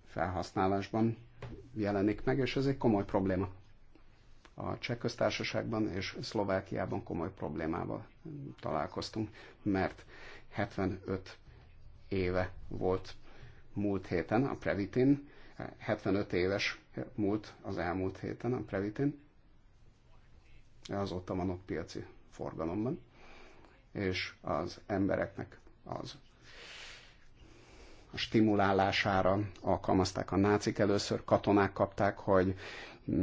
felhasználásban jelenik meg, és ez egy komoly probléma. A Cseh köztársaságban és Szlovákiában komoly problémával találkoztunk, mert 75 éve volt múlt héten a Previtin, 75 eh, éves múlt az elmúlt héten a Previtin, azóta van ott piaci forgalomban, és az embereknek az a stimulálására alkalmazták a nácik. Először katonák kapták, hogy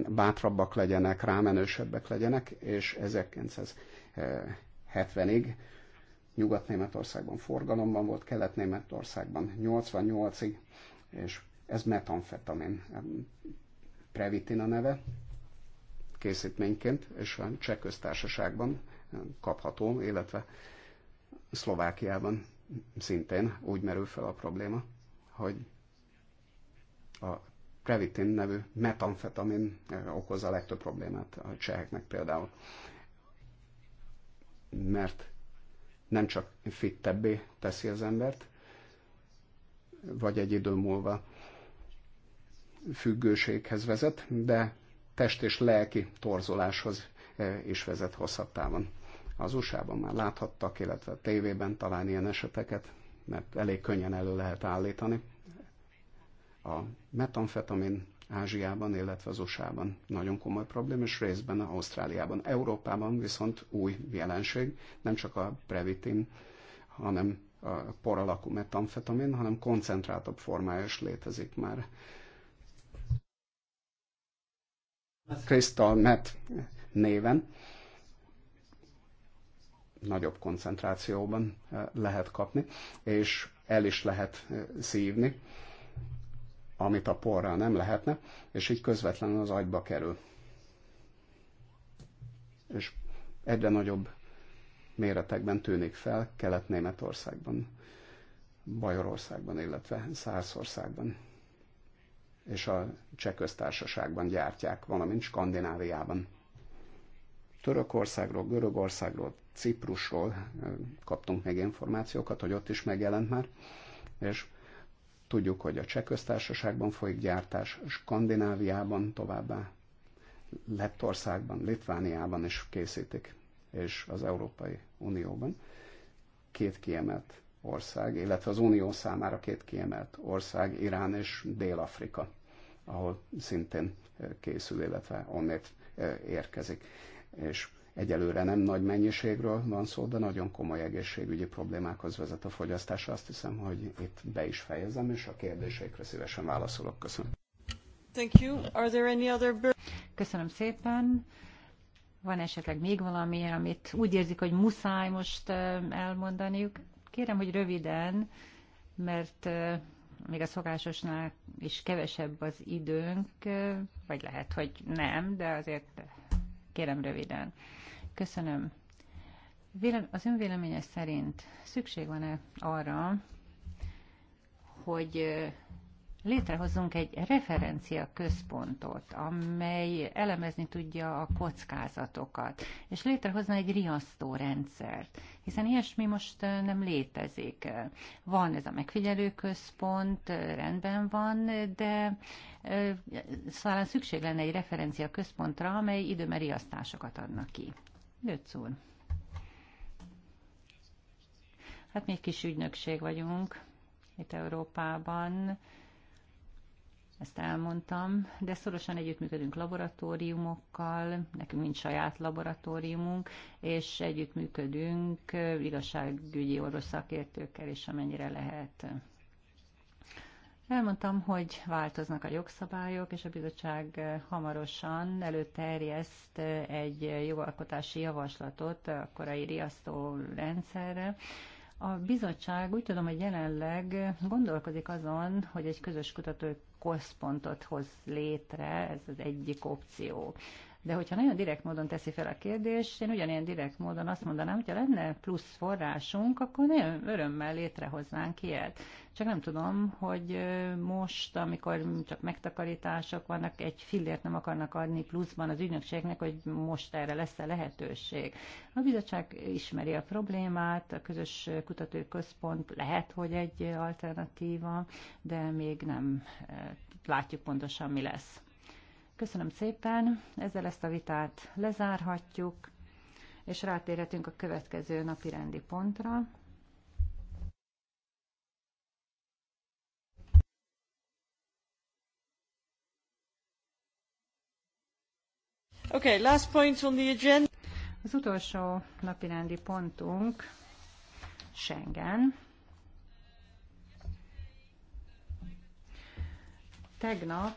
bátrabbak legyenek, rámenősebbek legyenek, és 1970-ig Nyugat-Németországban forgalomban volt, Kelet-Németországban 88-ig, és ez metamfetamin, Previtin a neve, készítményként, és a cseh köztársaságban kapható, illetve Szlovákiában szintén úgy merül fel a probléma, hogy a Previtin nevű metamfetamin eh, okozza a legtöbb problémát a cseheknek például. Mert nem csak fittebbé teszi az embert, vagy egy idő múlva függőséghez vezet, de test és lelki torzoláshoz eh, is vezet hosszabb távon. Az USA-ban már láthattak, illetve a tévében talán ilyen eseteket, mert elég könnyen elő lehet állítani. A metamfetamin Ázsiában, illetve az USA-ban nagyon komoly probléma, és részben Ausztráliában. Európában viszont új jelenség, nem csak a previtin, hanem a por alakú metamfetamin, hanem koncentráltabb formája is létezik már. Crystal Met néven nagyobb koncentrációban eh, lehet kapni, és el is lehet eh, szívni, amit a porral nem lehetne, és így közvetlenül az agyba kerül. És egyre nagyobb méretekben tűnik fel Kelet-Németországban, Bajorországban, illetve Szárszországban és a cseh köztársaságban gyártják, valamint Skandináviában. Törökországról, Görögországról, Ciprusról eh, kaptunk meg információkat, hogy ott is megjelent már, és tudjuk, hogy a cseh köztársaságban folyik gyártás, Skandináviában továbbá, Lettországban, Litvániában is készítik, és az Európai Unióban. Két kiemelt ország, illetve az Unió számára két kiemelt ország, Irán és Dél-Afrika, ahol szintén eh, készül, illetve onnét eh, érkezik és egyelőre nem nagy mennyiségről van szó, de nagyon komoly egészségügyi problémákhoz vezet a fogyasztás. Azt hiszem, hogy itt be is fejezem, és a kérdéseikre szívesen válaszolok. Köszönöm. Thank you. Are there any other... Köszönöm szépen. Van esetleg még valami, amit úgy érzik, hogy muszáj most elmondaniuk? Kérem, hogy röviden, mert még a szokásosnál is kevesebb az időnk, vagy lehet, hogy nem, de azért Kérem röviden. Köszönöm. Az ön véleménye szerint szükség van-e arra, hogy létrehozzunk egy referencia központot, amely elemezni tudja a kockázatokat, és létrehozna egy riasztó rendszert, hiszen ilyesmi most nem létezik. Van ez a megfigyelő központ, rendben van, de szóval szükség lenne egy referencia központra, amely időben riasztásokat adna ki. Lőtsz úr. Hát mi kis ügynökség vagyunk itt Európában, ezt elmondtam, de szorosan együttműködünk laboratóriumokkal, nekünk nincs saját laboratóriumunk, és együttműködünk igazságügyi orvos szakértőkkel is, amennyire lehet. Elmondtam, hogy változnak a jogszabályok, és a bizottság hamarosan előterjeszt egy jogalkotási javaslatot a korai riasztó rendszerre, a bizottság úgy tudom, hogy jelenleg gondolkodik azon, hogy egy közös kutatói központot hoz létre, ez az egyik opció. De hogyha nagyon direkt módon teszi fel a kérdést, én ugyanilyen direkt módon azt mondanám, hogyha lenne plusz forrásunk, akkor nagyon örömmel létrehoznánk ilyet. Csak nem tudom, hogy most, amikor csak megtakarítások vannak, egy fillért nem akarnak adni pluszban az ügynökségnek, hogy most erre lesz-e lehetőség. A bizottság ismeri a problémát, a közös kutatóközpont lehet, hogy egy alternatíva, de még nem látjuk pontosan, mi lesz. Köszönöm szépen, ezzel ezt a vitát lezárhatjuk, és rátérhetünk a következő napi rendi pontra. Okay, last point on the agenda. Az utolsó napi rendi pontunk Schengen. Tegnap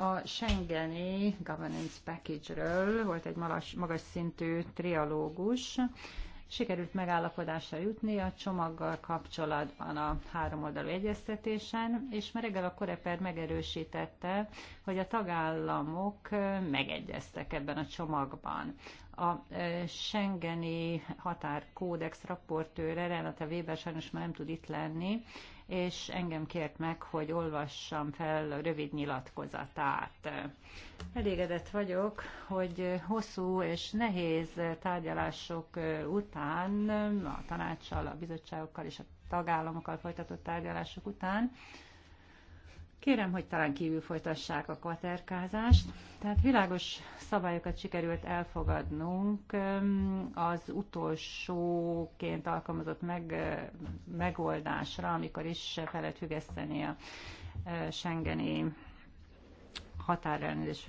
a Schengeni Governance Package-ről volt egy magas, magas szintű trialógus, sikerült megállapodásra jutni a csomaggal kapcsolatban a háromoldalú egyeztetésen, és már reggel a Koreper megerősítette, hogy a tagállamok megegyeztek ebben a csomagban. A Schengeni határkódex raportőre, Renata Weber sajnos már nem tud itt lenni, és engem kért meg, hogy olvassam fel a rövid nyilatkozatát. Elégedett vagyok, hogy hosszú és nehéz tárgyalások után, a tanácssal, a bizottságokkal és a tagállamokkal folytatott tárgyalások után, Kérem, hogy talán kívül folytassák a kvaterkázást. Tehát világos szabályokat sikerült elfogadnunk. Az utolsóként alkalmazott meg, megoldásra, amikor is fel lehet függeszteni a Schengeni határellenőrzés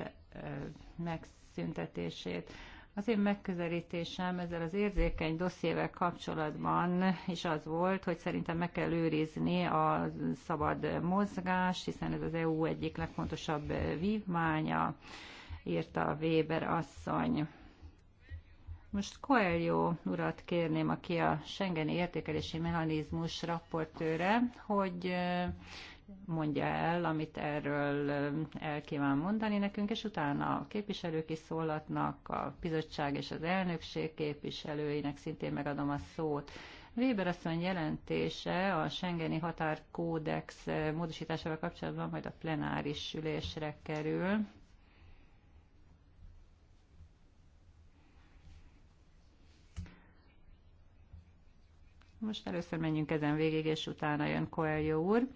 megszüntetését. Az én megközelítésem ezzel az érzékeny dossziével kapcsolatban is az volt, hogy szerintem meg kell őrizni a szabad mozgás, hiszen ez az EU egyik legfontosabb vívmánya, írta Weber asszony. Most Coelho urat kérném, aki a Schengeni értékelési mechanizmus raportőre, hogy mondja el, amit erről eh, el kíván mondani nekünk, és utána a képviselők is szólatnak, a bizottság és az elnökség képviselőinek szintén megadom a szót. Weber asszony jelentése a Schengeni Határkódex eh, módosításával kapcsolatban majd a plenáris ülésre kerül. Most először menjünk ezen végig, és utána jön Coelho úr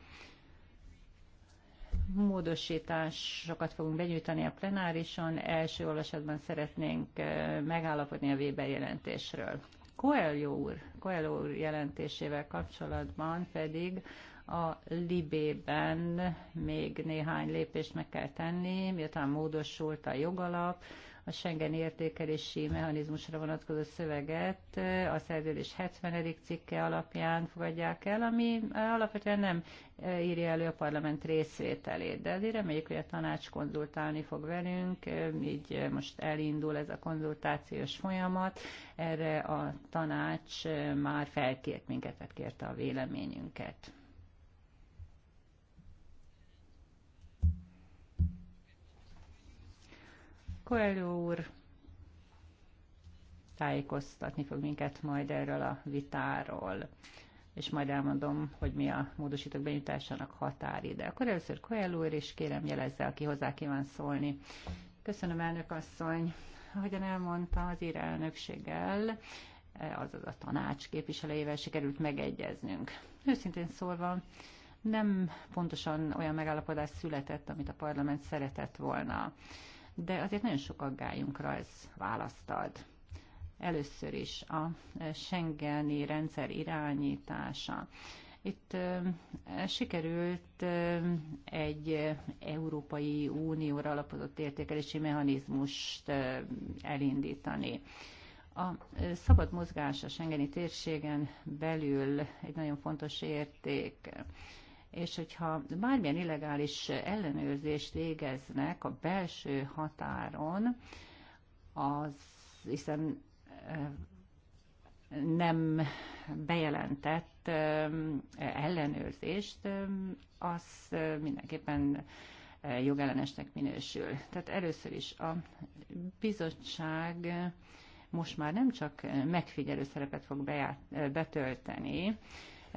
módosításokat fogunk benyújtani a plenárison. Első olvasatban szeretnénk megállapodni a Weber jelentésről. Coelho úr, Coelho úr jelentésével kapcsolatban pedig a Libében még néhány lépést meg kell tenni, miután módosult a jogalap, a Schengen értékelési mechanizmusra vonatkozó szöveget a szerződés 70. cikke alapján fogadják el, ami alapvetően nem e, írja elő a parlament részvételét, de azért reméljük, hogy a tanács konzultálni fog velünk, e, így most elindul ez a konzultációs folyamat, erre a tanács e, már felkért minket, tehát kérte a véleményünket. Coelho úr tájékoztatni fog minket majd erről a vitáról, és majd elmondom, hogy mi a módosítók benyújtásának határide. Akkor először Coelho úr, és kérem jelezze, aki hozzá kíván szólni. Köszönöm, elnök asszony. Ahogyan elmondta, az ír elnökséggel azaz a tanács képviselőjével sikerült megegyeznünk. Őszintén szólva, nem pontosan olyan megállapodás született, amit a parlament szeretett volna de azért nagyon sok aggályunk rajz választad. Először is a Schengeni rendszer irányítása. Itt sikerült egy Európai Unióra alapozott értékelési mechanizmust elindítani. A szabad mozgás a Schengeni térségen belül egy nagyon fontos érték és hogyha bármilyen illegális ellenőrzést végeznek a belső határon, az hiszen eh, nem bejelentett eh, ellenőrzést, eh, az mindenképpen jogellenesnek minősül. Tehát először is a bizottság most már nem csak megfigyelő szerepet fog betölteni,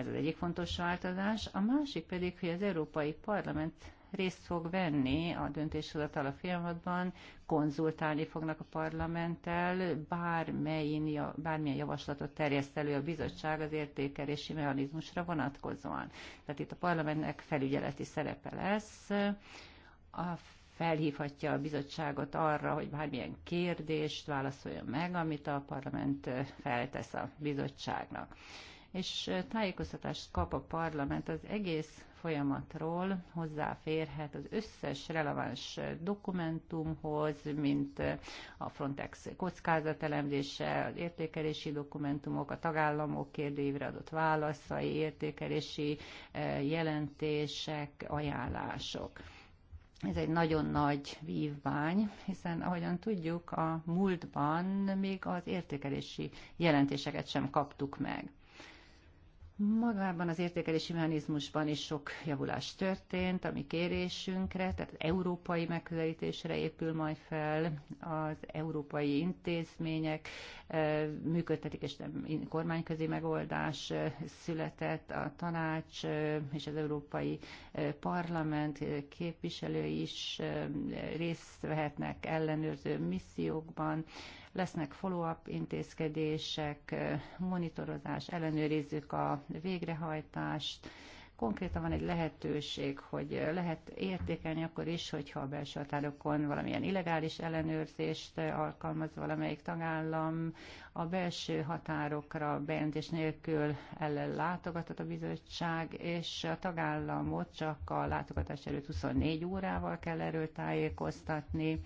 ez az egyik fontos változás. A másik pedig, hogy az Európai Parlament részt fog venni a döntéshozatal a folyamatban, konzultálni fognak a parlamenttel, bármelyen, bármilyen javaslatot terjeszt elő a bizottság az értékelési mechanizmusra vonatkozóan. Tehát itt a parlamentnek felügyeleti szerepe lesz. A felhívhatja a bizottságot arra, hogy bármilyen kérdést válaszoljon meg, amit a parlament feltesz a bizottságnak és tájékoztatást kap a parlament az egész folyamatról, hozzáférhet az összes releváns dokumentumhoz, mint a Frontex kockázatelemzése, az értékelési dokumentumok, a tagállamok kérdévre adott válaszai, értékelési jelentések, ajánlások. Ez egy nagyon nagy vívvány, hiszen ahogyan tudjuk, a múltban még az értékelési jelentéseket sem kaptuk meg. Magában az értékelési mechanizmusban is sok javulás történt, ami kérésünkre, tehát európai megközelítésre épül majd fel, az európai intézmények eh, működtetik, és nem kormányközi megoldás eh, született, a tanács eh, és az európai parlament képviselői is részt vehetnek ellenőrző missziókban, Lesznek follow-up intézkedések, monitorozás, ellenőrizzük a végrehajtást, konkrétan van egy lehetőség, hogy lehet értékelni akkor is, hogyha a belső határokon valamilyen illegális ellenőrzést alkalmaz valamelyik tagállam, a belső határokra bejelentés nélkül ellen látogatott a bizottság, és a tagállamot csak a látogatás előtt 24 órával kell erről tájékoztatni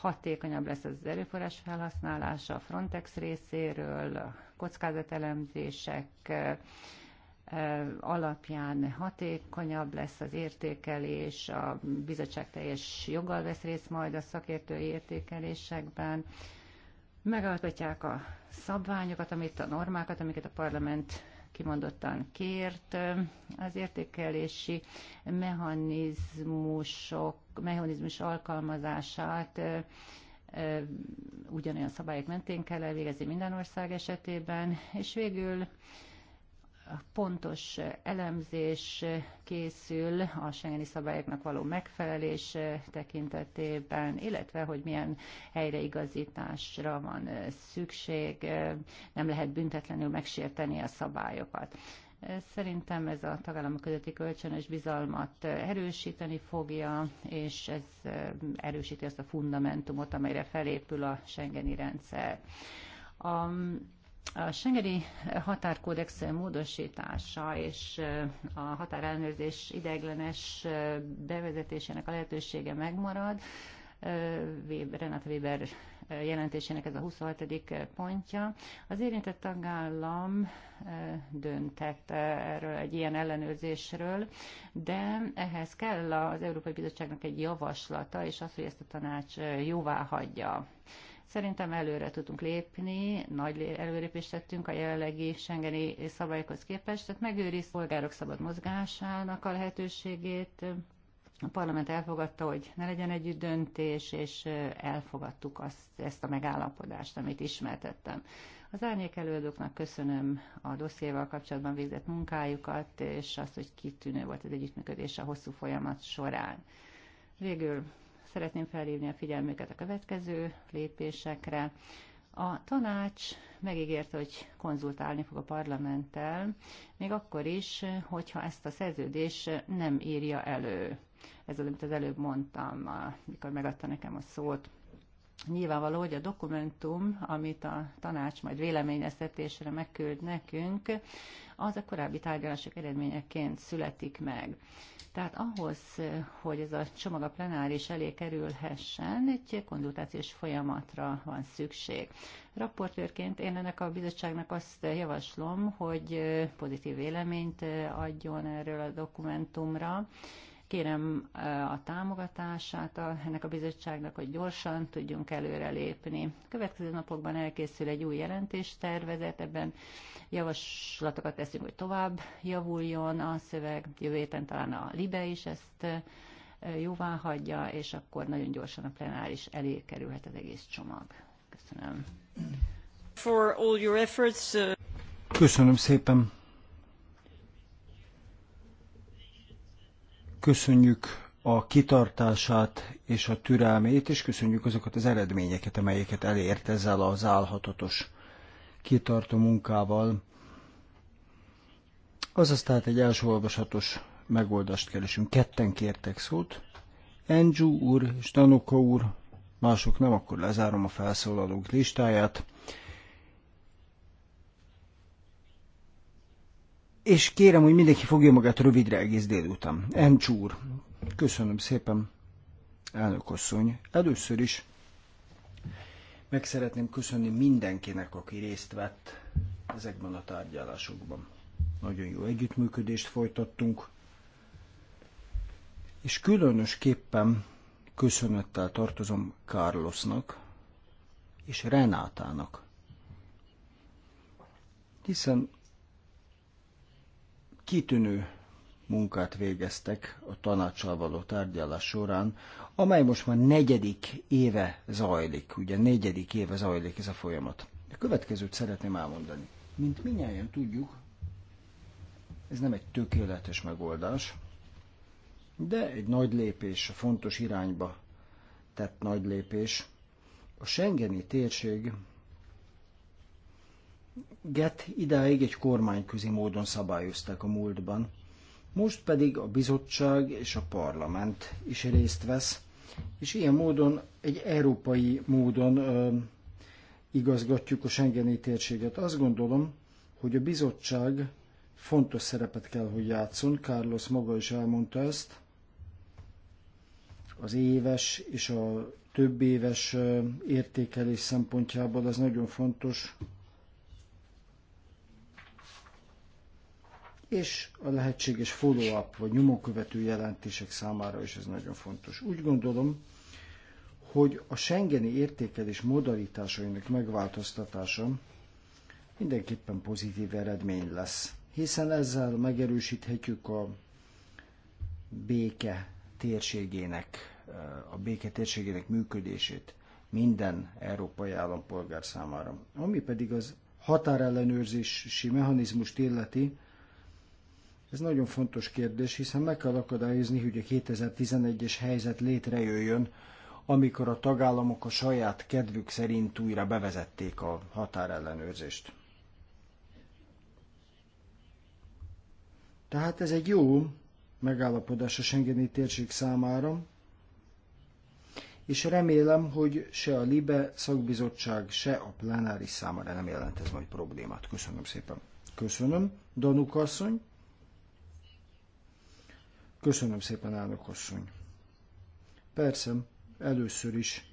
hatékonyabb lesz az erőforrás felhasználása a Frontex részéről, a kockázatelemzések alapján hatékonyabb lesz az értékelés, a bizottság teljes joggal vesz részt majd a szakértői értékelésekben, megalkotják a szabványokat, amit a normákat, amiket a parlament kimondottan kért. Az értékelési mechanizmusok, mechanizmus alkalmazását ugyanolyan szabályok mentén kell elvégezni minden ország esetében, és végül pontos elemzés készül a Schengeni szabályoknak való megfelelés tekintetében, illetve hogy milyen helyreigazításra van szükség, nem lehet büntetlenül megsérteni a szabályokat. Szerintem ez a tagállamok közötti kölcsönös bizalmat erősíteni fogja, és ez erősíti azt a fundamentumot, amelyre felépül a Schengeni rendszer. A a Schengeni határkódex módosítása és a határellenőrzés ideiglenes bevezetésének a lehetősége megmarad. Renata Weber jelentésének ez a 26. pontja. Az érintett tagállam döntett erről egy ilyen ellenőrzésről, de ehhez kell az Európai Bizottságnak egy javaslata, és az, hogy ezt a tanács jóvá hagyja. Szerintem előre tudunk lépni, nagy előrépést tettünk a jelenlegi Schengeni szabályokhoz képest, tehát megőriz polgárok szabad mozgásának a lehetőségét. A parlament elfogadta, hogy ne legyen együtt döntés, és elfogadtuk azt, ezt a megállapodást, amit ismertettem. Az árnyék előadóknak köszönöm a dossziéval kapcsolatban végzett munkájukat, és azt, hogy kitűnő volt az együttműködés a hosszú folyamat során. Végül szeretném felhívni a figyelmüket a következő lépésekre. A tanács megígérte, hogy konzultálni fog a parlamenttel, még akkor is, hogyha ezt a szerződés nem írja elő. Ez az, amit az előbb mondtam, mikor megadta nekem a szót. Nyilvánvaló, hogy a dokumentum, amit a tanács majd véleményeztetésre megküld nekünk, az a korábbi tárgyalások eredményeként születik meg. Tehát ahhoz, hogy ez a csomag a plenáris elé kerülhessen, egy konzultációs folyamatra van szükség. Rapportőrként én ennek a bizottságnak azt javaslom, hogy pozitív véleményt adjon erről a dokumentumra, Kérem eh, a támogatását a, ennek a bizottságnak, hogy gyorsan tudjunk előrelépni. Következő napokban elkészül egy új jelentéstervezet, ebben javaslatokat teszünk, hogy tovább javuljon a szöveg. Jövő héten talán a LIBE is ezt eh, jóvá hagyja, és akkor nagyon gyorsan a plenáris elé kerülhet az egész csomag. Köszönöm. For all your efforts, uh... Köszönöm szépen köszönjük a kitartását és a türelmét, és köszönjük azokat az eredményeket, amelyeket elért ezzel az álhatatos kitartó munkával. Azaz tehát egy első olvasatos megoldást keresünk. Ketten kértek szót. Andrew úr és Danuka úr, mások nem, akkor lezárom a felszólalók listáját. és kérem, hogy mindenki fogja magát rövidre egész délután. Encsúr, köszönöm szépen, elnök asszony. Először is meg szeretném köszönni mindenkinek, aki részt vett ezekben a tárgyalásokban. Nagyon jó együttműködést folytattunk, és különösképpen köszönettel tartozom Carlosnak és Renátának, hiszen kitűnő munkát végeztek a tanácssal való tárgyalás során, amely most már negyedik éve zajlik, ugye negyedik éve zajlik ez a folyamat. A következőt szeretném elmondani. Mint minnyáján tudjuk, ez nem egy tökéletes megoldás, de egy nagy lépés, a fontos irányba tett nagy lépés. A Schengeni térség get idáig egy kormányközi módon szabályozták a múltban. Most pedig a bizottság és a parlament is részt vesz, és ilyen módon egy európai módon ö, igazgatjuk a Schengeni térséget. Azt gondolom, hogy a bizottság fontos szerepet kell, hogy játszon. Carlos maga is elmondta ezt. Az éves és a több éves értékelés szempontjából ez nagyon fontos. és a lehetséges follow-up vagy nyomonkövető jelentések számára is ez nagyon fontos. Úgy gondolom, hogy a Schengeni értékelés modalitásainak megváltoztatása mindenképpen pozitív eredmény lesz, hiszen ezzel megerősíthetjük a béke térségének, a béke térségének működését minden európai állampolgár számára. Ami pedig az határellenőrzési mechanizmust illeti, ez nagyon fontos kérdés, hiszen meg kell akadályozni, hogy a 2011-es helyzet létrejöjjön, amikor a tagállamok a saját kedvük szerint újra bevezették a határellenőrzést. Tehát ez egy jó megállapodás a Schengeni térség számára, és remélem, hogy se a LIBE szakbizottság, se a plenáris számára nem jelent ez majd problémát. Köszönöm szépen. Köszönöm, Danuk asszony. Köszönöm szépen, elnök asszony. Persze, először is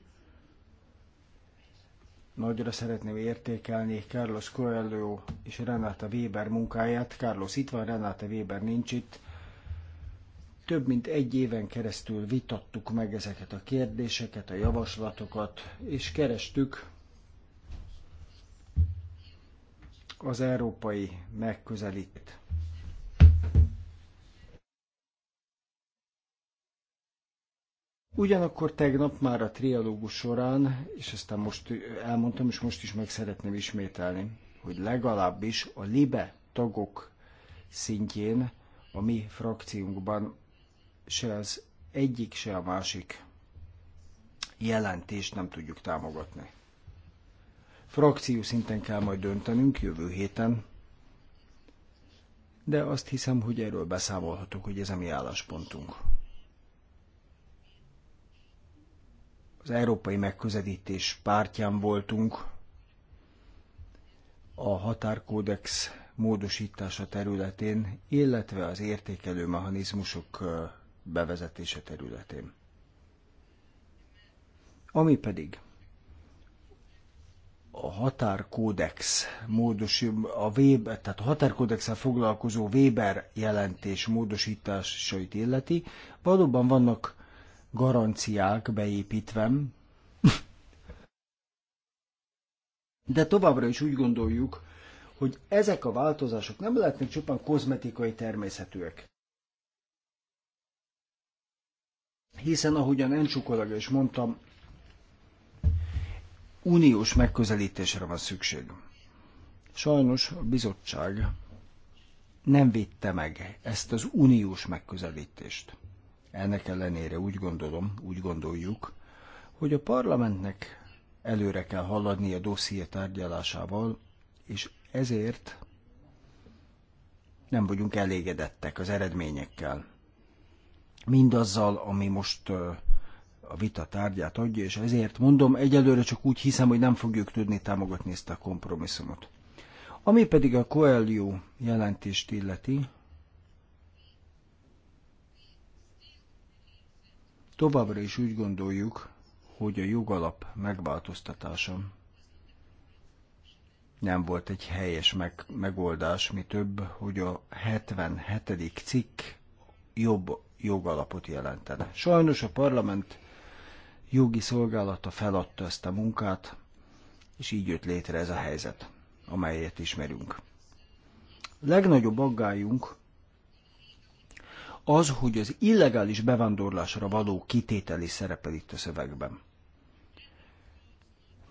nagyra szeretném értékelni Carlos Coelho és Renata Weber munkáját. Carlos itt van, Renata Weber nincs itt. Több mint egy éven keresztül vitattuk meg ezeket a kérdéseket, a javaslatokat, és kerestük az európai megközelítést. Ugyanakkor tegnap már a trialógus során, és aztán most elmondtam, és most is meg szeretném ismételni, hogy legalábbis a libe tagok szintjén a mi frakciunkban se az egyik, se a másik jelentést nem tudjuk támogatni. Frakció szinten kell majd döntenünk jövő héten, de azt hiszem, hogy erről beszámolhatok, hogy ez a mi álláspontunk. az európai megközelítés pártján voltunk a határkódex módosítása területén, illetve az értékelő mechanizmusok bevezetése területén. Ami pedig a határkódex módos, a Weber, tehát a határkódexel foglalkozó Weber jelentés módosításait illeti, valóban vannak garanciák beépítve, de továbbra is úgy gondoljuk, hogy ezek a változások nem lehetnek csupán kozmetikai természetűek. Hiszen, ahogyan Encsukolaga is mondtam, uniós megközelítésre van szükség. Sajnos a bizottság nem védte meg ezt az uniós megközelítést. Ennek ellenére úgy gondolom, úgy gondoljuk, hogy a parlamentnek előre kell haladni a dosszié tárgyalásával, és ezért nem vagyunk elégedettek az eredményekkel. Mindazzal, ami most a vita tárgyát adja, és ezért mondom, egyelőre csak úgy hiszem, hogy nem fogjuk tudni támogatni ezt a kompromisszumot. Ami pedig a Coelho jelentést illeti, Továbbra is úgy gondoljuk, hogy a jogalap megváltoztatása nem volt egy helyes meg, megoldás, mi több, hogy a 77. cikk jobb jogalapot jelentene. Sajnos a parlament jogi szolgálata feladta ezt a munkát, és így jött létre ez a helyzet, amelyet ismerünk. Legnagyobb aggályunk az, hogy az illegális bevándorlásra való kitételi szerepel itt a szövegben.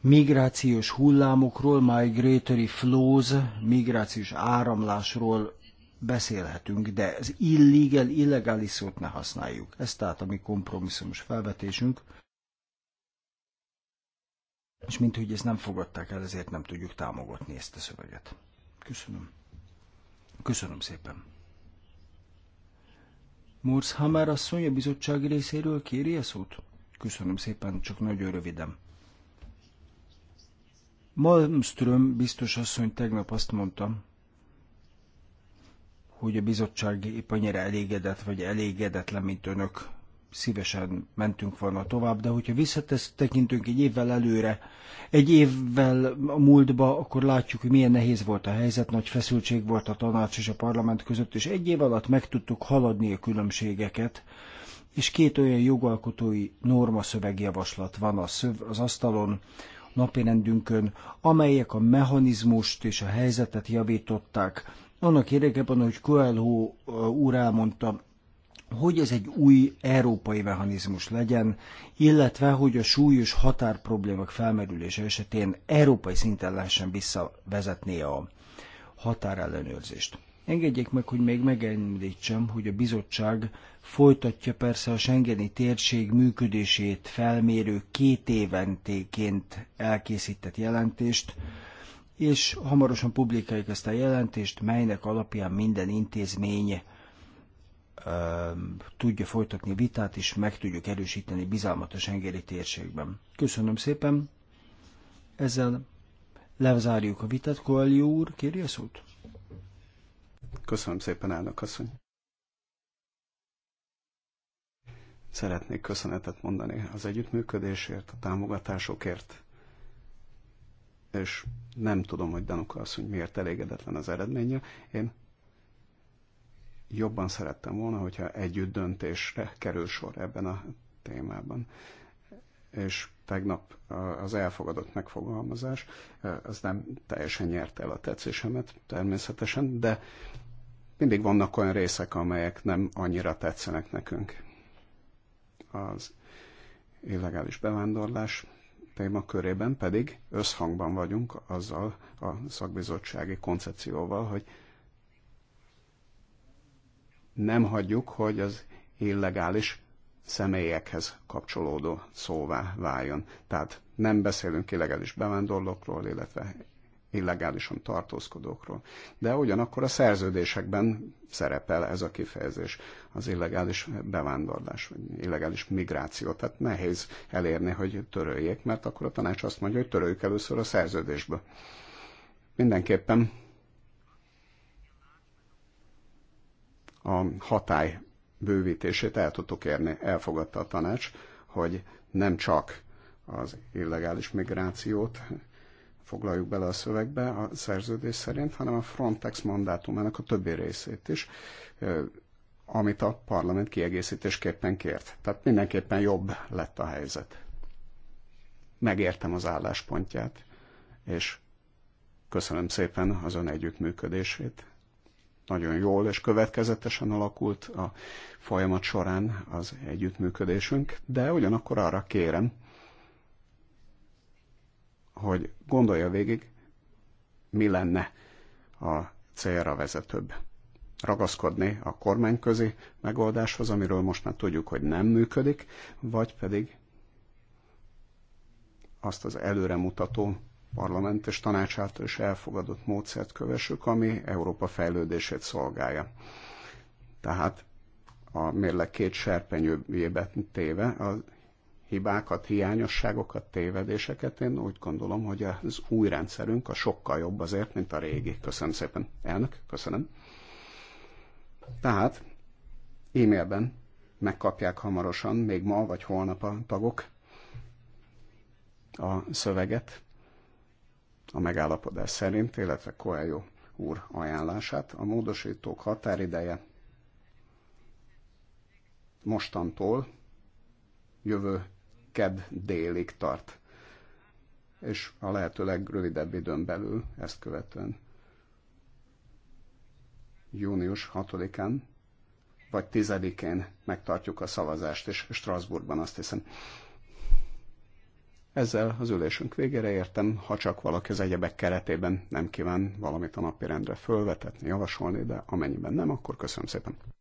Migrációs hullámokról, migratory flows, migrációs áramlásról beszélhetünk, de az illegal, illegális szót ne használjuk. Ez tehát a mi kompromisszumos felvetésünk. És mint hogy ezt nem fogadták el, ezért nem tudjuk támogatni ezt a szöveget. Köszönöm. Köszönöm szépen. Morsz Hamár asszony a bizottság részéről kéri a szót? Köszönöm szépen, csak nagyon röviden. Malmström biztos asszony tegnap azt mondta, hogy a bizottság épp annyira elégedett vagy elégedetlen, mint önök szívesen mentünk volna tovább, de hogyha visszatekintünk egy évvel előre, egy évvel a múltba, akkor látjuk, hogy milyen nehéz volt a helyzet, nagy feszültség volt a tanács és a parlament között, és egy év alatt meg tudtuk haladni a különbségeket, és két olyan jogalkotói norma szövegjavaslat van az asztalon, napirendünkön, amelyek a mechanizmust és a helyzetet javították, annak érdekében, hogy Coelho úr elmondta, hogy ez egy új európai mechanizmus legyen, illetve hogy a súlyos határproblémák felmerülése esetén európai szinten lehessen visszavezetni a határellenőrzést. Engedjék meg, hogy még megemlítsem, hogy a bizottság folytatja persze a Schengeni térség működését felmérő két éventéként elkészített jelentést, és hamarosan publikáljuk ezt a jelentést, melynek alapján minden intézmény tudja folytatni vitát, és meg tudjuk erősíteni bizalmat a Schengeri térségben. Köszönöm szépen. Ezzel levzárjuk a vitát. Koaljó úr, kérje szót? Köszönöm szépen, elnök asszony. Szeretnék köszönetet mondani az együttműködésért, a támogatásokért, és nem tudom, hogy Danuka asszony miért elégedetlen az eredménye. Én jobban szerettem volna, hogyha együtt döntésre kerül sor ebben a témában. És tegnap az elfogadott megfogalmazás, az nem teljesen nyerte el a tetszésemet természetesen, de mindig vannak olyan részek, amelyek nem annyira tetszenek nekünk. Az illegális bevándorlás témakörében pedig összhangban vagyunk azzal a szakbizottsági koncepcióval, hogy nem hagyjuk, hogy az illegális személyekhez kapcsolódó szóvá váljon. Tehát nem beszélünk illegális bevándorlókról, illetve illegálisan tartózkodókról. De ugyanakkor a szerződésekben szerepel ez a kifejezés, az illegális bevándorlás, vagy illegális migráció. Tehát nehéz elérni, hogy töröljék, mert akkor a tanács azt mondja, hogy töröljük először a szerződésbe. Mindenképpen a hatály bővítését el tudtuk érni. Elfogadta a tanács, hogy nem csak az illegális migrációt foglaljuk bele a szövegbe a szerződés szerint, hanem a Frontex mandátumának a többi részét is, amit a parlament kiegészítésképpen kért. Tehát mindenképpen jobb lett a helyzet. Megértem az álláspontját, és köszönöm szépen az ön együttműködését nagyon jól és következetesen alakult a folyamat során az együttműködésünk, de ugyanakkor arra kérem, hogy gondolja végig, mi lenne a célra vezetőbb. Ragaszkodni a kormányközi megoldáshoz, amiről most már tudjuk, hogy nem működik, vagy pedig azt az előremutató parlament és tanács által is elfogadott módszert kövessük, ami Európa fejlődését szolgálja. Tehát a mérleg két serpenyőjébe téve a hibákat, hiányosságokat, tévedéseket, én úgy gondolom, hogy az új rendszerünk a sokkal jobb azért, mint a régi. Köszönöm szépen, elnök, köszönöm. Tehát e-mailben megkapják hamarosan, még ma vagy holnap a tagok a szöveget, a megállapodás szerint, illetve Coelho úr ajánlását. A módosítók határideje mostantól jövő kedd délig tart, és a lehető legrövidebb időn belül ezt követően június 6-án vagy 10-én megtartjuk a szavazást, és Strasbourgban azt hiszem. Ezzel az ülésünk végére értem, ha csak valaki az egyebek keretében nem kíván valamit a napirendre fölvetetni, javasolni, de amennyiben nem, akkor köszönöm szépen.